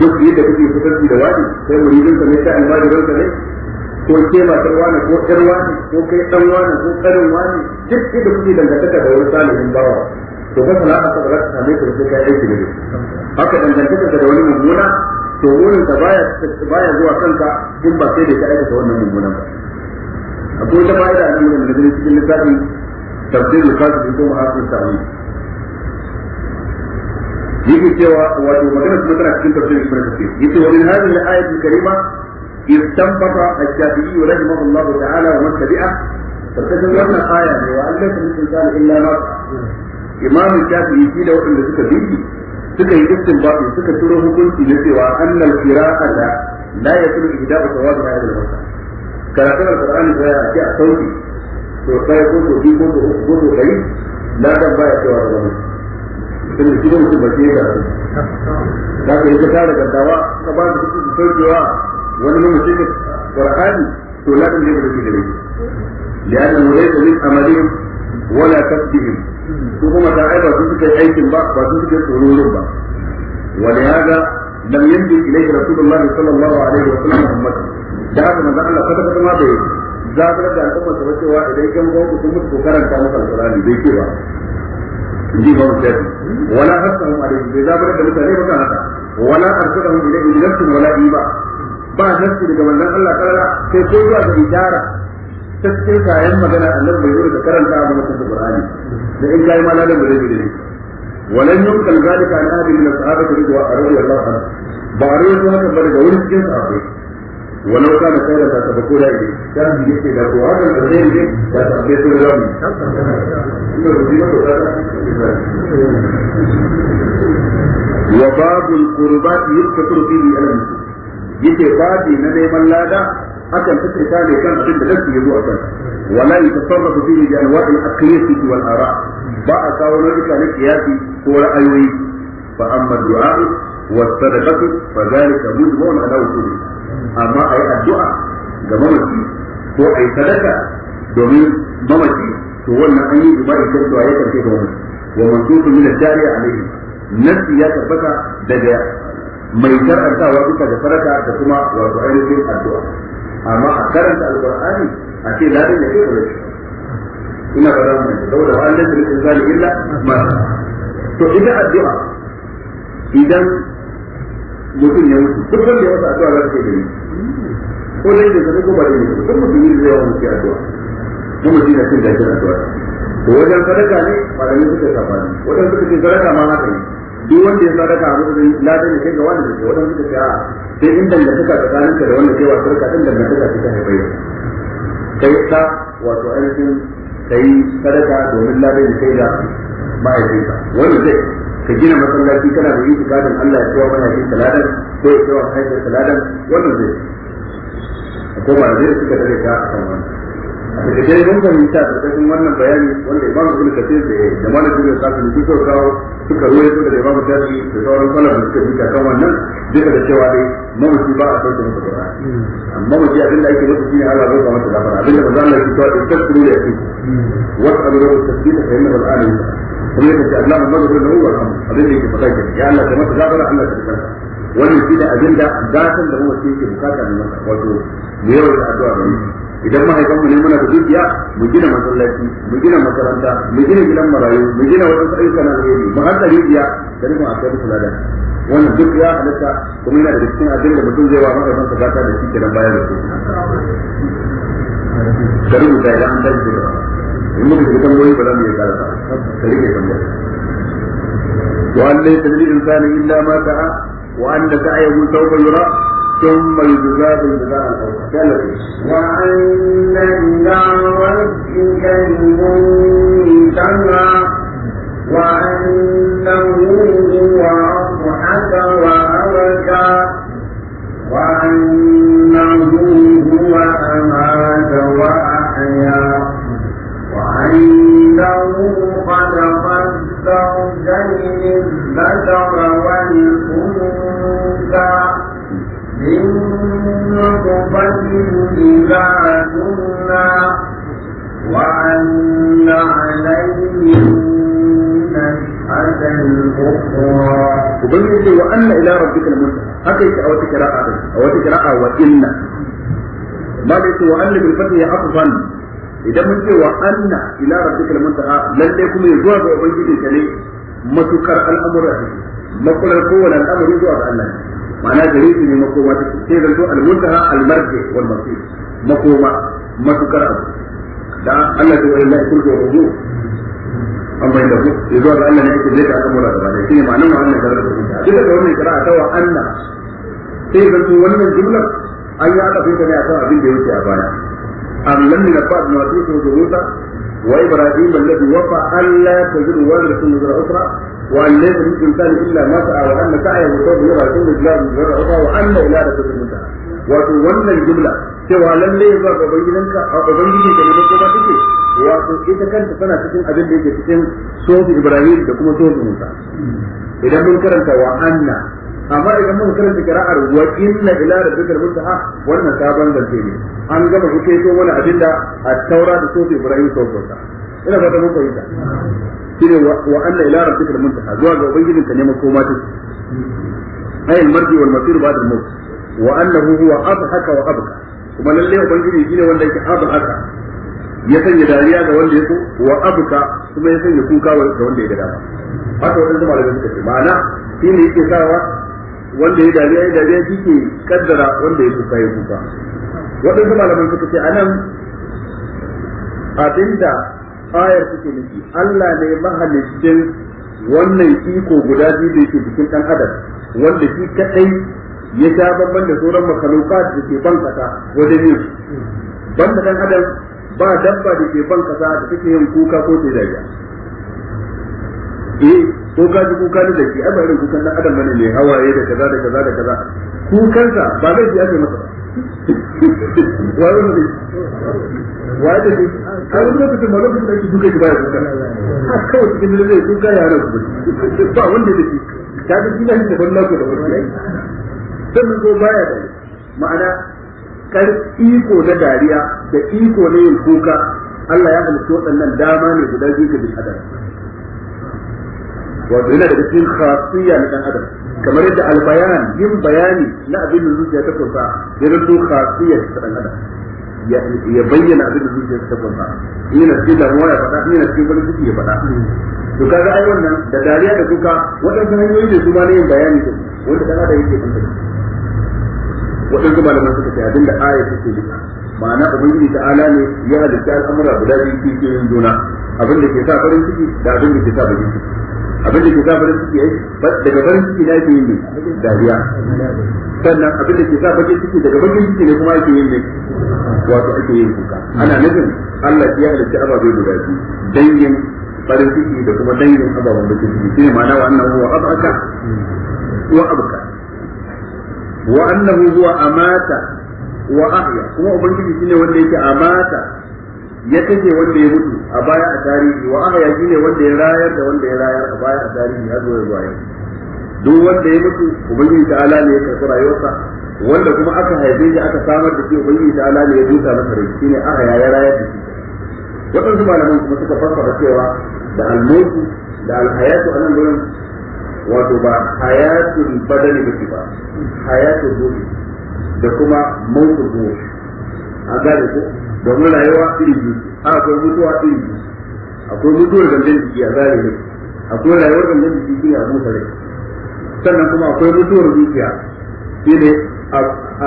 Speaker 1: duk yadda kuke fitarci da wani sai muridin ka ne ta almajiran ka ne ko ke matar wani ko ƴar wani ko kai ɗan wani ko ƙarin wani duk da kuke dangantaka da wani salihin bawa to ka sana'a ka ba ta same ka sai ka aiki da haka dangantaka da wani mummuna to wurin ka baya baya zuwa kanka in ba sai da ka aikata wannan mummunan ba akwai ta fa'ida a nan da cikin littafin tafsirul kafi ko ma'asul ta'awil yake cewa wato magana kuma tana cikin tafsirin ibn kathir yace wa min hadhihi al-ayat al-karima istanbata ash-shafi'i rahimahullah ta'ala wa man tabi'a karkashin wannan aya ne wa Allah ta mutunta illa ma imam shafi'i shi da wanda suka bi suka yi istinbati suka turo hukunci na cewa annal qira'ata la yakunu ihda'u thawabi ala al-masa karatun al-qur'ani da ya ce a sauki to sai ko ko ko ko ko kai la dan baya cewa da wannan tunda shi wani ba shi ya da ka yi ta tara gaddawa ka ba su su saukewa wani mamaci ne qur'ani to la dan ne ba shi gare li'anna laysa min amalihim wala kasbihim ko kuma ta aiba su suka yi aikin ba ba su suka yi tsororin ba wani yaga da yanzu da rasulullahi sallallahu alaihi wa sallam muhammad. da haka manzon Allah kada kada ma bai zabar da al'umma ta cewa idan kan gwamnati sun mutu ko karanta masa alqur'ani bai ce ba ji ba mutum wala hasahum alaihi bai zabar da mutane ba kan haka wala arsalahum ilaihi nafsun wala iba ba nafsi daga wannan Allah ta'ala sai ko zuwa ga idara
Speaker 2: ta cikin kayan
Speaker 1: magana annabi bai wuce da karanta ba na da Qur'ani da in kai ma lalan bare bare ولن ينقل ذلك عن أحد من الصحابة رضي الله عنه. بعرفوا هذا برجع ورث كيف ولو كان خيرا فتبقوا إليه كان يجب أن يكون هذا الأمر فتبقوا لهم وباب القربات يذكر فيه ألم yake babi na neman lada akan fitrita ne kan abin da nasu yazo akan wala yatasarrafu fihi bi ara ba a kawo nau'ika na kiyasi ko ra'ayoyi fa amma du'a wa sadaqatu fa dhalika mujma'un ala wujudihi amma a yi addu'a ga mamaci ko a yi sadaka domin mamaci to wannan an yi jima'i ko to ya karfe ga wani, wa mansutun min al-jariya alayhi nasi ya tabbata daga mai shar'antawa duka da sadaka da kuma wato ainihin addu'a amma a karanta al alqur'ani a ce la ilaha illallah ina ba zan mai saboda wa Allah ya illa ma to ita addu'a idan mutum ya mutu duk wanda ya masa addu'a za ta kai gari ko dai da zama ko ba da mutu ko mutum ne zai yawa mutu addu'a ko mutum na cin gashin addu'a to wajen sadaka ne malamai suka saba ne wajen suka ce sadaka ma haka ne duk wanda ya sadaka a mutu ladan da kai ga wanda ke wajen suka ce a sai in dangantaka tsakaninka da wanda ke wa sadaka din dangantaka ta haifai kai ta wato ainihin kai sadaka domin ladan da kai da. ma'aikinka wani zai ka gina masallaci kana da itikadin Allah ya kowa mana shi saladan ko ya kowa kai saladan wannan zai ko ba zai suka dare ka a kan wannan a daga dai mun fahimta da cikin wannan bayani wanda Imam Ibn Kathir da da Malik Ibn Sa'd ne suka kawo suka ruwaito da Imam Shafi da sauran salafin suka fita kan wannan duka da cewa dai mamaci ba a da masa Qur'ani amma mace abinda ake masa shine Allah zai ka masa gafara abinda manzo Allah ya ce to da tafsiri ya ce wasu abin da tafsiri fa inna yi. alim kuma yake ce Allah Muhammadu sallallahu alaihi wasallam abin da yake faɗa ke ya Allah ka masa gafara Allah ka tsara wannan shine abin da gatan da mawaci yake bukata ne masa wato mu yawa da addu'a da idan mahaifanmu ne muna da dukiya mu gina masallaci mu gina makaranta mu gina gidan marayu mu gina wasu ayyuka na mu haɗa rijiya da nufin a kai musu ladan wannan duk ya halatta kuma yana da cikin abin da mutum zai wa mahaifansa gata da shi kenan bayan da su ka rubuta idan an dace da in muka shiga tambayoyi ba za mu iya karasa ka rike tambaya wa an laysa lil insani illa ma sa'a wa anna sa'yahu sawfa yura ثم
Speaker 2: يجزاه الجزاء الاوفى وان الى ربك المنتهى وانه هو اضحك وابكى وانه هو امات واحيا له خلق الزوجين الذكر والأنثى من نطفة إذا كنا وأن عليه النشأة
Speaker 1: الأخرى ubangiji wa anna ila rabbika al-muntaha haka yake a wata kira'a a wata kira'a wa inna ma da yake wa anna bil fathi afdal idan mun ce wa anna ila rabbikal muntaha lalle kuma ya zuwa ga ubangiji ka ne matukar al'amura ne makular kowane al'amari zuwa ga Allah ma'ana gare shi ne makoma take ce da zo al-muntaha al-marji wal masir makoma matukar abu da Allah ta wani lafi kurgo rubu an bai da ku ya zuwa ga Allah ne ake zai al'amura gaba da shi ne ma'anar wa anna garar da kuma duk da wannan kira ta wa anna sai da zo wannan jumlar an yi aka fi ta ne a kan abin da yake a baya am lam yanfa'u ma fi sudur Musa wa Ibrahim alladhi wafa alla tazidu wazratun wazra ukhra wa an laysa lil insani illa ma sa'a wa anna sa'yahu sawfa yura kullu jazaa'in wazra ukhra wa anna ila rabbil muntaha wato wannan jumla cewa lalle zuwa ga ubangijinka a ubangijin da ne ko ba take wato ita kanta tana cikin abin da yake cikin sofi Ibrahim da kuma sofi Musa idan mun karanta wa anna amma idan muka karanta kira'ar wa inna ila rabbikal muntaha wannan sabon zance ne an gama hukai to mana abinda a taura da sofi ibrahim sauƙauta ina fata mun fahimta shine wa anna ila rabbikal muntaha zuwa ga ubangijin ka neman koma ta ayil marji wal masir ba'da al-maut wa annahu huwa abhaka wa abka kuma lalle ubangiji shine wanda yake abhaka ya sanya dariya ga wanda ya so wa abuka kuma ya sanya kuka ga wanda ya ga dama haka wadansu malamai suka ce ma'ana shi ne yake sawa wanda ya dariya ya dariya shi ke kaddara wanda ya kuka ya kuka waɗansu malaman suka ce anan abinda ayar suke nufi Allah ne mahalicin wannan iko guda biyu da yake jikin ɗan adam wanda shi kaɗai ya sha bamban da sauran makaluka da ke ban kasa wajen yin ban da ɗan adam ba dabba da ke ban kasa da take yin kuka ko ke dariya eh ko ka ji kuka da ke ai ba irin kukan dan adam bane mai hawaye da kaza da kaza da kaza kukansa ba zai ji ake masa ba wai wani wai da shi a wani lokacin ba lokacin da ake duka shi baya kuka a kawai cikin da zai kuka ya rasu ba wanda da shi ta ga shi lahin da ban lafiya da wani yayi sannan ko baya da ma'ana kar iko na dariya da iko na yin kuka Allah ya halitta waɗannan dama ne guda biyu ga bin adam wato yana daga cikin khasiyya na dan adam kamar yadda albayan yin bayani na abin da zuciya ta kusa ya zanto khasiyya ta dan adam ya bayyana abin da zuciya ta kunsa yana cikin damuwa ya faɗa yana cikin farin ciki ya faɗa to kaga ai wannan da dariya da kuka waɗansu hanyoyi ne kuma na yin bayani da wanda dan adam yake kunta waɗansu malaman suka ce abin da aya take duka ma'ana ubangiji ta'ala ne ya halitta al'amura guda biyu cikin juna abin da ke sa farin ciki da abin da ke sa bakin ciki abin da ke sa farin ciki daga farin ciki na yake yin ne dariya sannan abin da ke sa bakin ciki daga bakin ciki ne kuma yake yin ne wato ake yin kuka ana nufin Allah ya halitta ababe guda biyu dangin farin ciki da kuma dangin ababen bakin ciki shine ma'ana wa annahu abaka wa abaka wa annahu huwa amata wa ahya kuma ubangiji shine wanda yake amata ya kashe wanda ya mutu a baya a tarihi wa aka yaji ne wanda ya rayar da wanda ya rayar a baya a tarihi har zuwa zuwa yau duk wanda ya mutu ubangiji ta ala ne ya karɓi rayuwarsa wanda kuma aka haife shi aka samar da shi ubangiji ta ala ne ya duka masa rai shine aka ya rayar da shi waɗansu malaman kuma suka farfara cewa da almautu da alhayatu a nan gurin wato ba hayatul badani ba ba hayatul ruhi da kuma mautul ruhi a gane ko domin rayuwa iri biyu a akwai mutuwa iri biyu akwai mutuwar gandun jiki a zahiri akwai rayuwar gandun jiki shi a musa rai sannan kuma akwai mutuwar zuciya shi ne a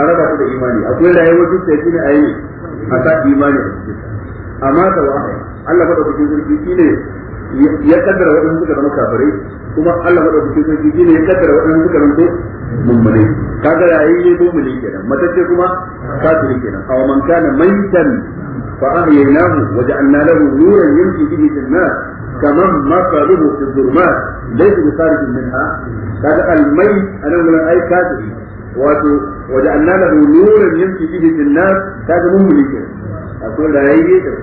Speaker 1: raba ta da imani akwai rayuwar zuciya shi ne a yi a sa imani a cikin amma da wa Allah madaukakin sarki shi ne ya kaddara waɗanda suka zama kafirai kuma Allah madaukakin sarki shi ne ya kaddara waɗanda suka zama mummune kaga rayayye mummune kenan matacce kuma kafiri kenan aw man kana maytan fa ahyaynahu wa ja'alna lahu nuran yamshi bihi fil nas kaman masaluhu fi dhulumat laysa bi kharijin minha kaga al mayt ana wala ay kafiri wato wa ja'alna lahu nuran yamshi bihi fil nas kaga mummune kenan akwai rayayye da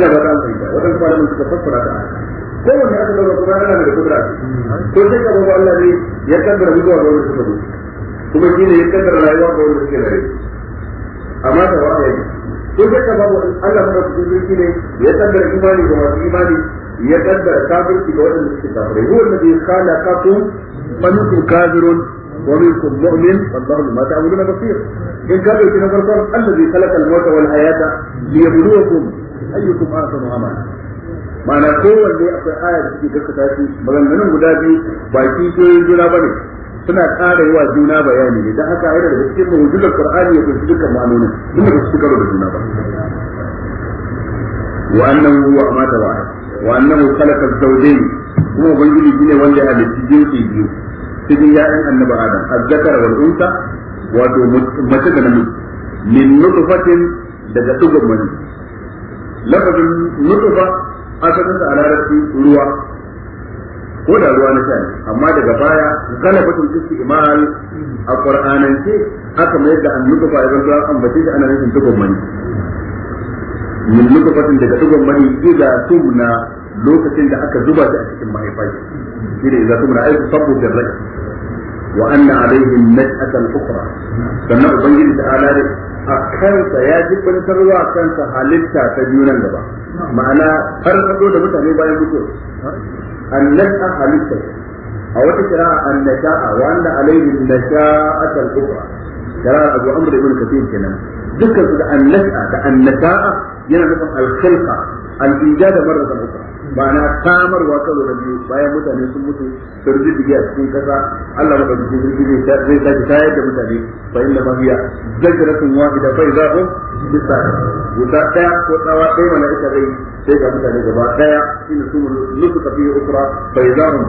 Speaker 1: ina ba ta amfani da wadansu malamin suka fassara ta kowanne aka zama kuma yana da kudura ko sai ka babu Allah ne ya kaddara mutuwa ga wanda suka mutu kuma shi ne ya kaddara rayuwa ga wanda suke rayu amma ta wa ya ko sai ka babu Allah ba ku shi ne ya kaddara imani ga masu imani ya kaddara kafirci ga wanda suke kafirai huwa alladhi khalaqakum faminkum kafirun ومنكم مؤمن والله ما تعملون بصير إن كانوا في نظر الذي خلق الموت والحياة ليبلوكم أيكم أحسن amala. ma'ana kowanne akwai aya da suke gaskata shi maganganun guda biyu ba kishiyoyin juna ba ne suna ƙara yi wa juna bayani ne don haka ayyar da cikin mawujudar qur'ani ya kunshi dukkan ma'anoni duk da su karo da juna ba wa annahu huwa amata wa wa annahu khalaqa zawjayn kuma ubangiji shine wanda ya halitta jinsi biyu cikin ya'yan annabi adam azzakar wal unsa wato mace da namiji min nutfatin daga tugun mani lafazin nutfa asalin sa a ruwa ko da ruwa na sha amma daga baya zana galabatul istimal a qur'anance aka mayar da annuka fa ibn an ambace shi ana nufin dubon mani min nutfatin daga dubon mani idza tumna lokacin da aka zuba shi a cikin mahaifa shi ne idza tumna ay tabu dirrak wa anna alayhi an-naj'at al-ukhra sannan ubangiji ta'ala da a kansa ya jibbantar wa kansa halitta ta biyu nan gaba ma'ana har rado da mutane bayan mutuwa annasa halitta a wata kira annasha'a wa anna alayhi nasha'atul ukhra kira abu amr ibn kathir kenan dukkan su da annasa da annasha'a yana nufin al-khalqa da ijada marratan ukhra ma'ana samarwa karo da biyu bayan mutane sun mutu sun rubuta a cikin kasa Allah madaukakin sarki zai sake tayar da mutane fa inna ma hiya zajratun wahida bisa guda daya ko tsawa ɗaya mala'ika zai sai ga mutane gaba daya shine su lusu tafi ukra bai zamu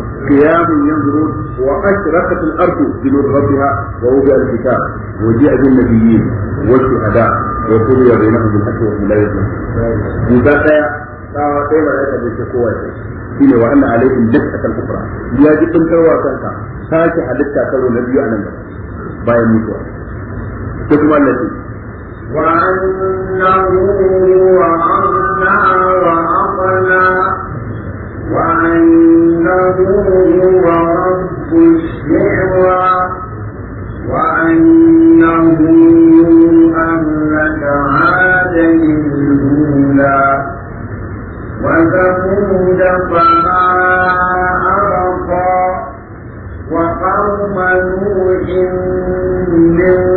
Speaker 1: yan yanzuru wa ashraqat al-ardu bi nur ha. wa wudi al-kitab wa ji'a bin nabiyyin wa shuhada wa qulu ya bainahum bil haqqi wa hum la yuzlamun guda daya tsawa ɗaya mala'ika zai ce kowa ya shine wa anna alaikum dukkan ukra ya ji tun karwa kanka sake halitta karo na biyu a nan bayan mutuwa sai kuma Allah
Speaker 2: وأنه هو أغنى وأقنى وأنه هو رب الشعوى وأنه أهلك عادا الأولى وثمود فما أبقى وقوم نوح من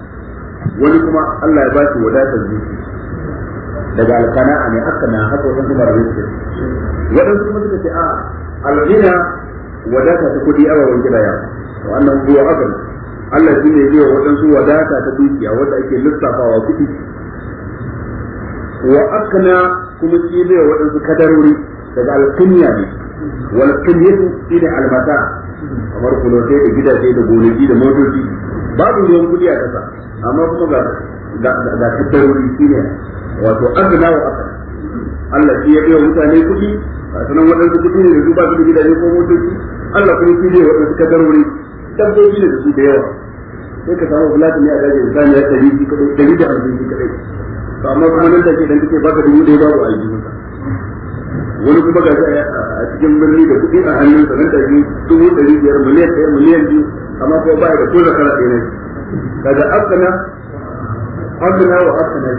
Speaker 1: wani kuma Allah ya ba shi wadatar zuci daga alkana'a ne aka na haka wajen kuma da zuci waɗansu kuma suka ce a alghina wadata ta kudi ababen gidaya wa wannan huwa abin Allah shi ne zai waɗansu wadata ta dukiya wanda ake lissafawa kuɗi wa akna kuma shi zai waɗansu kadarori daga alkimiya ne wal kimiyatu ila almata kamar kulotai da gidaje da gonaki da motoci babu ruwan kuɗi a ƙasa amma kuma ga ga tattarori shi ne wato azna wa aka Allah shi ya biya mutane kuɗi sanan waɗansu kuɗi ne da su ba su da gidaje ko motoci Allah kuma shi ne waɗansu kadarori dabbobi ne da su da yawa sai ka samu bulatu ne a dajin sani ya ɗari shi kaɗai ɗari da arziki shi kaɗai to amma kuma nan ke dan kake baka dubu ɗaya babu aljihunka wani kuma ga a cikin birni da kuɗi a hannunsa nan take dubu ɗari biyar miliyan ɗaya miliyan biyu amma kuma ba da ko zakara ɗaya na shi kaga akana akana wa akana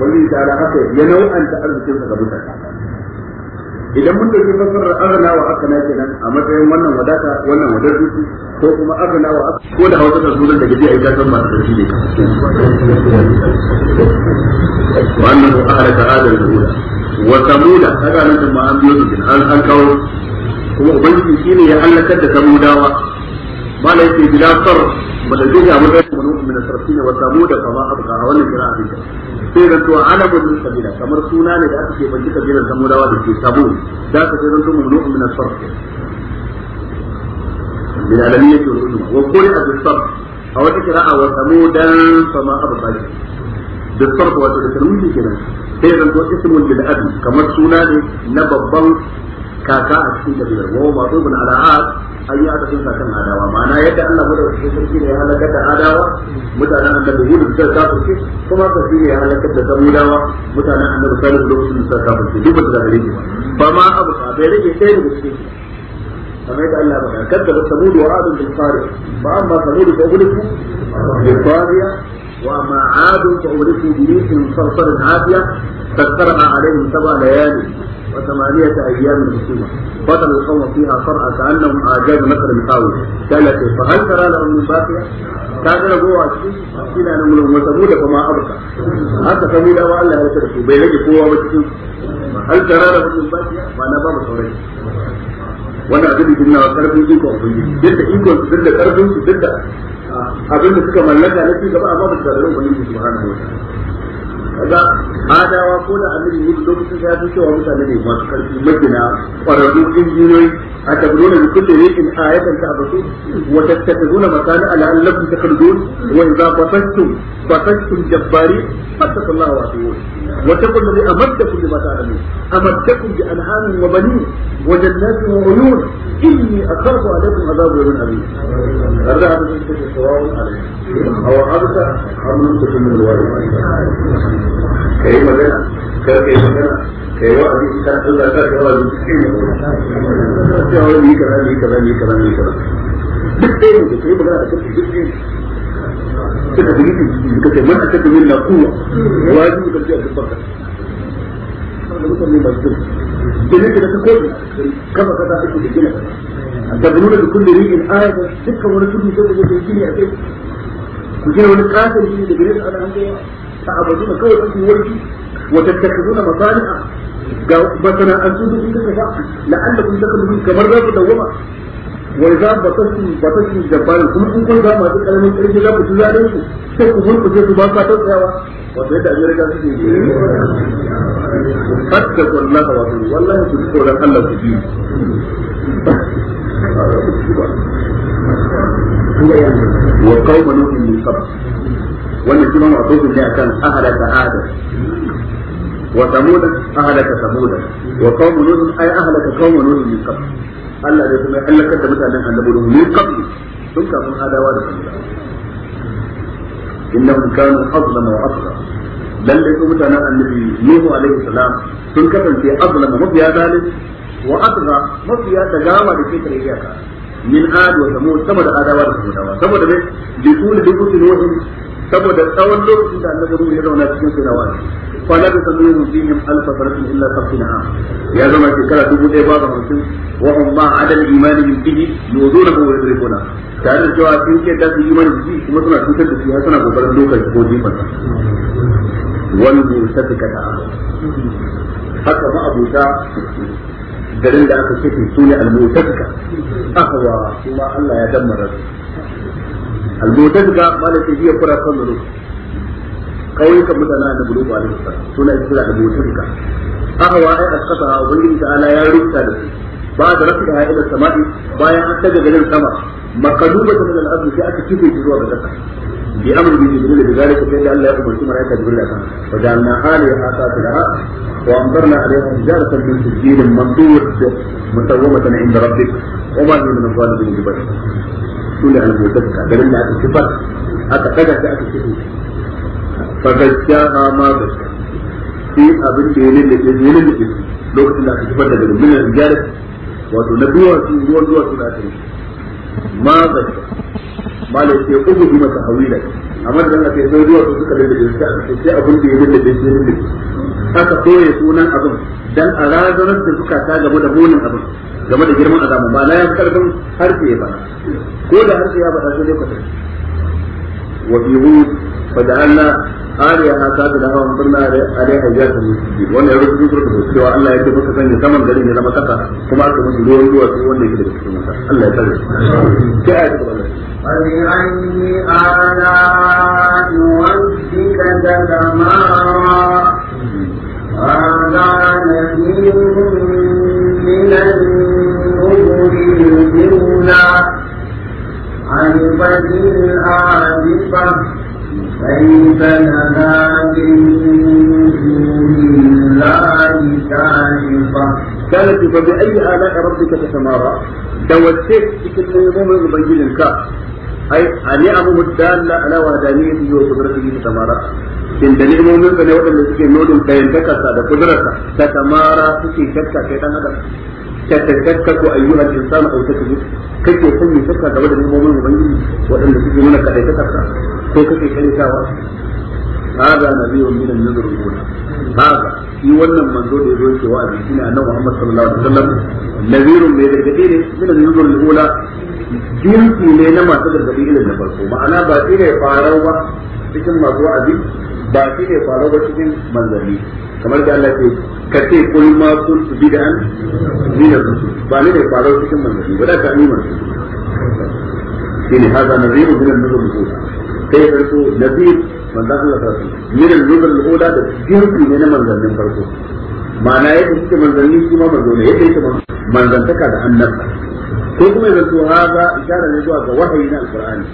Speaker 1: wani ta da haka ya nau'anta arzikin sa ga mutane idan mun dauki fasar agana wa akana kenan a matsayin wannan wadata wannan wadatu ko kuma agana wa akana ko da hausa da sunan da gaji a ita san masu sarki ne wannan ahalaka adal da hula wa samuda kaga nan da ma'an biyo su an an kawo kuma ubangiji shine ya halakar da samudawa malai ke bila sarf wanda zai ga mutum da mutum min sarfi wa samuda fa ma abqa a wannan kira abin sai da to ana mun kabila kamar suna ne da aka ce banci kabilar samudawa da ke samu da ka sai zan tumu mutum min sarfin bil alamiyyati wal ulum wa qul abis sarf a wata kira'a wa samudan fa ma abqa da sarf wato da tarmiji kenan sai zan to ismul bil abi kamar suna ne na babban kaka a cikin kabilar wa ma ibn ala'at an yi aka sunsa kan adawa ma'ana yadda Allah mu da wasu sarki ne ya halakar da adawa mutanen annabi hudu suka kafirce kuma ka shi ne ya halakar da samudawa mutanen annabi salihu lokacin da suka kafirce duk ba su da gare ne ba ma abu ka bai rage sai da su kamar yadda Allah ya kaddara samudu wa adun bil fariq ba amma samudu fa uliku bil fariya وما عاد فأولئك بريح صرصر عافية سخرها عليهم سبع ليالي وثمانية أيام مسلمة بدل القوم فيها قرأة كأنهم أعجاز مثل حاوي قالت فهل ترى لهم من باقية؟ كان هو أكيد أنا من وثمود فما أبقى حتى ثمود أو الله لا تركوا بين قوة وتشوف هل ترى لهم من باقية؟ فأنا بابا صوري وانا abin da na karfin iko ubangiji إيكو da ikon su duk da karfin su duk da abin da suka mallaka na ci gaba amma ba su da kaga adawa ko da annabi ne lokacin sa ya fi cewa mutane ne masu karfi magina kwararru injiniyoyi a tabbuna da kulle ne in ayatan ta abasu wa tattakuna masana ala allakum takardun wa idza fatastum fatastum jabbari fattakullahu wa وتقول الذي امدكم بما تعلمون امدكم بانعام وبنين وجنات وعيون اني اخاف عليكم عذاب يوم اليم هذا هذا سواء عليكم او أبدا ام من الوالد كيف مدنا كيف مدنا كيف وعدي كان الله كان يوعد مسكين يقول يا ولي كذا لي كذا لي كذا لي كذا duk ɗaya da kai magana a kan duk suka fi yi suka ce man asaka min na kuwa wajibi ka ce a tabbata da mutane ba su da ne da ko kafa kaza ake da gina da bununa da kullu ri'in ayatan dukkan wani tudu sai da yake gini a kai ku je wani katon shi da gare su ana hankowa ta abudu na kawai su warki wa tattakazuna masani'a ga masana'antu duk inda ka fa la'allakum takunu kamar za ku dawama wai za ba ta su ba ta kuma kun za ku ci su sai ku su ba ka tsayawa wato yadda suke yi wato wallahi Allah ku ji wa qauma nuhin min wannan kuma ma ko akan wa samuda samuda wa qauma ay qauma min Allah ne kuma ya halakar da mutanen annabi ne kafin sun kafin adawa da sun innahum kanu azlama wa asra lalle su mutanen annabi Nuhu alaihi salam sun kasance azlama mafiya zalim wa asra mafiya tagama da ke kare iyaka min ad wa samud sama da adawa da samudawa saboda ne bi kulli bi kulli saboda tsawon lokacin da annabi ruhu ya zauna cikin su na wani fa la tasammiru fihim alf sanatin illa sabina ya zama shekara dubu ɗaya ba hamsin wa hum ma adal imanihim bihi yuzunahu wa yudrikuna tare da cewa sun ke da su imani bihi kuma suna cutar da shi har suna kokarin lokaci ko jifan wal mutafikata haka ma abuta garin da aka ce su ne al-mutafika ahwa kuma Allah ya dammara su al-mutazika malaka hiya fara kan zuru kauyukan mutane da bulu ba da suna kira da mutazika ahwa ai asqata ubangiji ta ala ya rubuta da su ba da rafa ha ila sama'i bayan an daga garin sama makaduba ta daga abu sai aka kife zuwa ga kasa bi amru bi jibril da zalika sai Allah ya umarci malaika jibril da kan wa ja'alna alaiha asatiha wa amtarna alaiha hijaratan min sijilin mandud musawwamatan inda rabbik wa ma min al-zalimin bi sune al-mudakkar garin da aka sifar aka daga da aka sifar fa gashaha ma gashaha shi abin da yake da yake da yake lokacin da aka sifar da garin min al-ijar wato na duwa su ruwan duwa su da aka ma gashaha ma la ke ubu bi hawila amma da Allah sai sai duwa su suka da yake sai abin da yake da yake aka soye sunan abin dan a razanar da suka ta gaba da bonin abin game da girman azamu ba na ya karfin harfe ba ko da harfe ya faɗa sai dai kwata wa fi hud fa ja'alna ariyaha sabilaha wa amtarna alaiha rijatan min wannan yaro cikin surka cewa Allah ya ce maka sanya saman garin ya zama saka kuma aka musu ruwan ruwa su wanda yake da cikin masa Allah ya tare sai ayatu Allah
Speaker 2: فبأي آلاء ربك تتمارى هذا نذير من الأولى عرفت العارفة كيف لنا من دون الله كاشفة كانت فبأي آلاء
Speaker 1: ربك تتمارى توسيت cikin nemomin ubangijinka ai a ni'amu dalla ala wahdaniyyati wa qudratihi tamara in da nemomin ka ne waɗanda suke nodin kayan takarsa da kudurarsa ta suke shakka kai dan tatashakkaku ayyuhal insanu aw takzub kake son yi shakka game da nemomin ubangiji waɗanda suke nuna kaɗai ta karka ko kake karitawa hada nabiyyun min an-nuzur al-ula hada shi wannan manzo da yazo cewa a jikin annabi Muhammad sallallahu alaihi wasallam nazirun mai gargadi ne min an-nuzur al-ula jinsi ne na masu gargadi irin na farko ma'ana ba shi ne farau ba cikin masu wa'azi ba shi ne farau ba cikin manzanni kamar da Allah ce ka ce kul ma kuntu an min ar su ba ne da farar cikin manzanni ba da ka ni manzanni shine hada nazirun min an-nuzur al-ula sai da su nazir manzan Allah ta su min an-nuzur al-ula da jirgi ne na manzannin farko ma'ana yadda suke manzanni su ma manzo ne yadda yake manzantaka da annabta تكملت هذا إشارة لدواء وحينا القرآن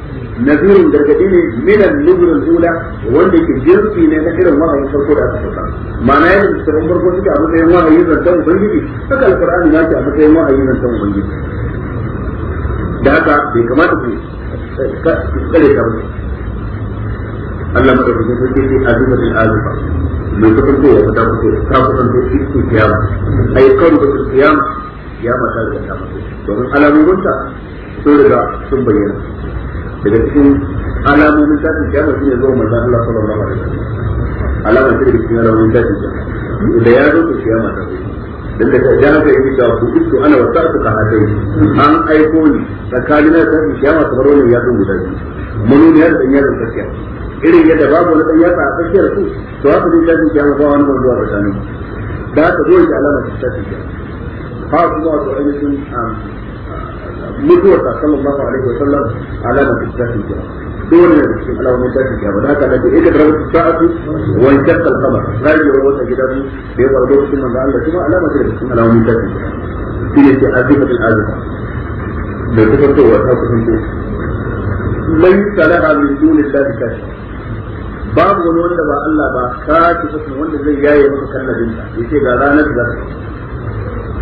Speaker 1: نذير درجتين من النذر الأولى وانك جرسي نذكر الله يسرقوا لها تفرقا ما نايل تغبر قوتك أبقى الله يزن تنو بيجي فكا القرآن ناكي أبقى الله يزن تنو بيجي داتا بكما تفري كالي تفري الله مرحبا تفري أزمة الآلفة من تفرقوا يا فتاة تفرقوا في القيامة أي قوم في القيامة ya mata da ta mutu domin alamominta sun riga sun bayyana daga cikin alamomin ya mutu ne zuwa manzon Allah sallallahu alaihi wasallam alamar da cikin alamomin tashin kiyama da ya zo to ya mata dan da ya ga yake da ku duk ana wata ku ka hadai an aiko ni tsakanin da shi ya mata kamar ne ya zo da shi mun ne ya dan da tsakiya irin yadda babu wani dan ta a tsakiyar su to haka ne shi ya ba wani wanda ya tsakanin da ta zo da alamar tashin kiyama ba su zuwa su ainihin um, uh, mutuwar sa sallallahu alaihi wa sallam alama ta tafi kiyama duk wannan da cikin alamomin tafi ba da haka da ke ikadar sa'atu wa shaqqal qamar rayuwar gida gidan da ya faru lokacin manzo Allah kuma alama ta cikin alamomin tafi kiyama shi ne ke azifatul azifa da ta fitowa ta kusanto laisa laha min dunillahi kashfa babu wani wanda ba Allah ba ka ci wanda zai yaye maka kallabin ta yace ga ranar da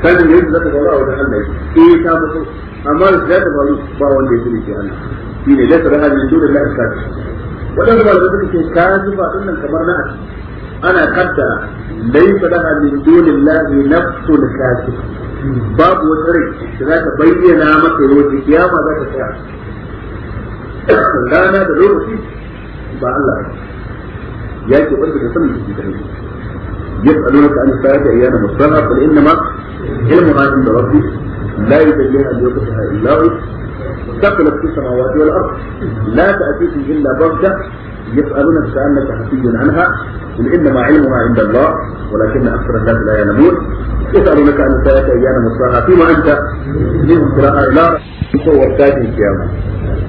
Speaker 1: sanin yadda zaka zauna a wajen Allah eh ta mutu amma zai ta faru ba wanda ya sani ke Allah shi ne da sarha min dole la ka wadanda ba da suke ka zuba dinnan kamar na ana kaddara laysa da min dole la nafsul kasif babu wata rai da za ta bayyana maka yau kiyama za ta tsaya rana da lokaci ba Allah ya ce wanda da sanin shi da يسألونك عن الساعة أيام مرسلها قل إنما علمها عند ربي لا يدليها لوقتها إلا هو ثقلت في السماوات والأرض لا تأتيكم إلا بغتة يسألونك كأنك حفي عنها قل إنما علمها عند الله ولكن أكثر الناس لا يعلمون يسألونك عن الساعة أيام مرسلها فيما أنت من قراءة إلى تصور تاج القيامة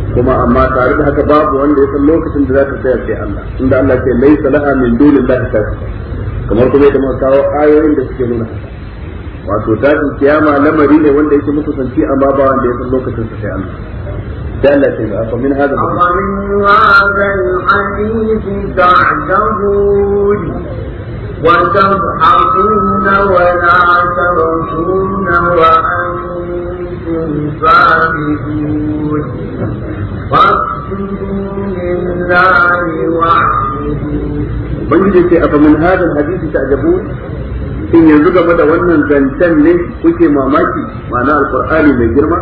Speaker 1: kuma amma tare da haka babu wanda ya san lokacin da za ta tsaya sai Allah inda Allah ke laisa laha min kamar kuma yadda masu kawo ayoyin da suke nuna wato tashin kiyama lamari ne wanda yake makusanci amma ba wanda ya san lokacin sa sai Allah دلت أفمن هذا
Speaker 2: أفمن كنتم فاعلون فاقتلوا لله وحده
Speaker 1: ubangiji ce a famin hadin hadisi ta ajabu in yanzu game da wannan zancen ne kuke mamaki ma'ana alqur'ani mai girma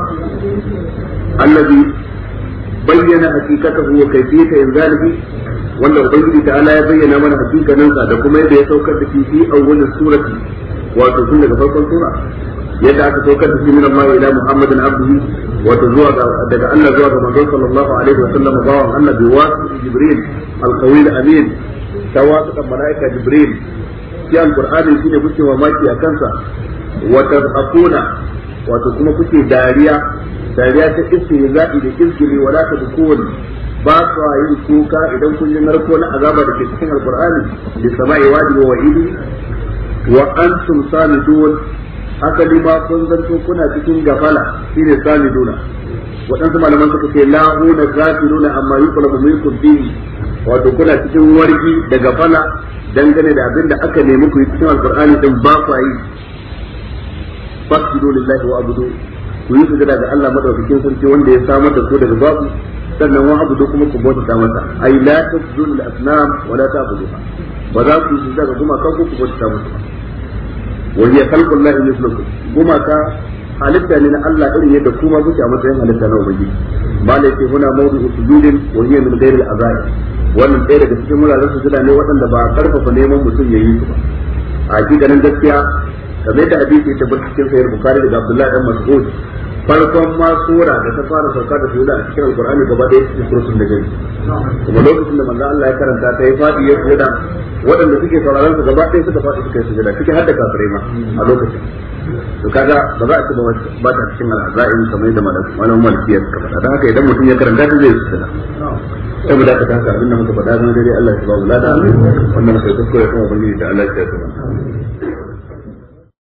Speaker 1: allazi bayyana ya hakikatahu wa kayfiyata inzalihi wanda ubangiji ta'ala ya bayyana mana hakikanin da kuma yadda ya saukar da shi fi awwalin surati wato sun daga farkon sura yadda aka saukar da shi min Allah ila Muhammadin abdihi wato zuwa daga Allah zuwa ga manzon sallallahu alaihi wa sallam bawan Allah bi wasu Jibril al-Qawil Amin ta tawasu malaika Jibril shi al-Qur'ani shine kuke maki a kansa Wata tadquna wato kuma kuke dariya dariya ta ne zaɓi da kirki kirkiri wala tadqun ba su a yi kuka idan kun yi narko na azaba da ke cikin alqur'ani bi sama'i wajibi wa idi wa antum salidun asali ma zan zanto kuna cikin gafala ne sami samiduna waɗansu malaman suka ce lahu na nuna amma yi yuqlabu minkum bihi wato kuna cikin wargi da gafala dangane da abin da aka nemi ku yi cikin alqur'ani din ba ku yi fasjudu lillahi wa abudu ku yi gada ga Allah madaukakin sarki wanda ya samar da ku daga babu sannan wa abudu kuma ku bauta masa ai la tasjudu lil asnam wa la ta'buduha ba za ku yi sujada kuma gumakan ku ku bauta masa wa hiya khalqul lahi mislukum gumaka halitta ne na Allah irin yadda kuma kuke a matsayin halitta na ubangiji malai ce huna mawdu'u sujudin wa hiya min ghairi al-azai wannan ɗaya daga cikin wuraren sujuda ne waɗanda ba karfafa neman mutum yayi yi ba a ganin gaskiya kamar da hadisi ya tabbata cikin sahih bukhari daga Abdullah dan Mas'ud farkon ma sura da ta fara sauka da sujuda a cikin alqur'ani gaba da yake surutun da jini kuma lokacin da manzo Allah ya karanta ta yi fadi ya sujuda waɗanda suke sauraron su gaba ɗaya suka fadi suka yi sujada suke hadda kafirai ma a lokacin to kaga ba za a ci ba ta cikin al'azain kamar da malamin malikiya suka faɗa da haka idan mutum ya karanta ta zai sujuda da. haka ta haka abin da muka faɗa zan daidai Allah ya ba mu lada wannan sai kuskure kuma ubangiji da Allah
Speaker 3: ya ba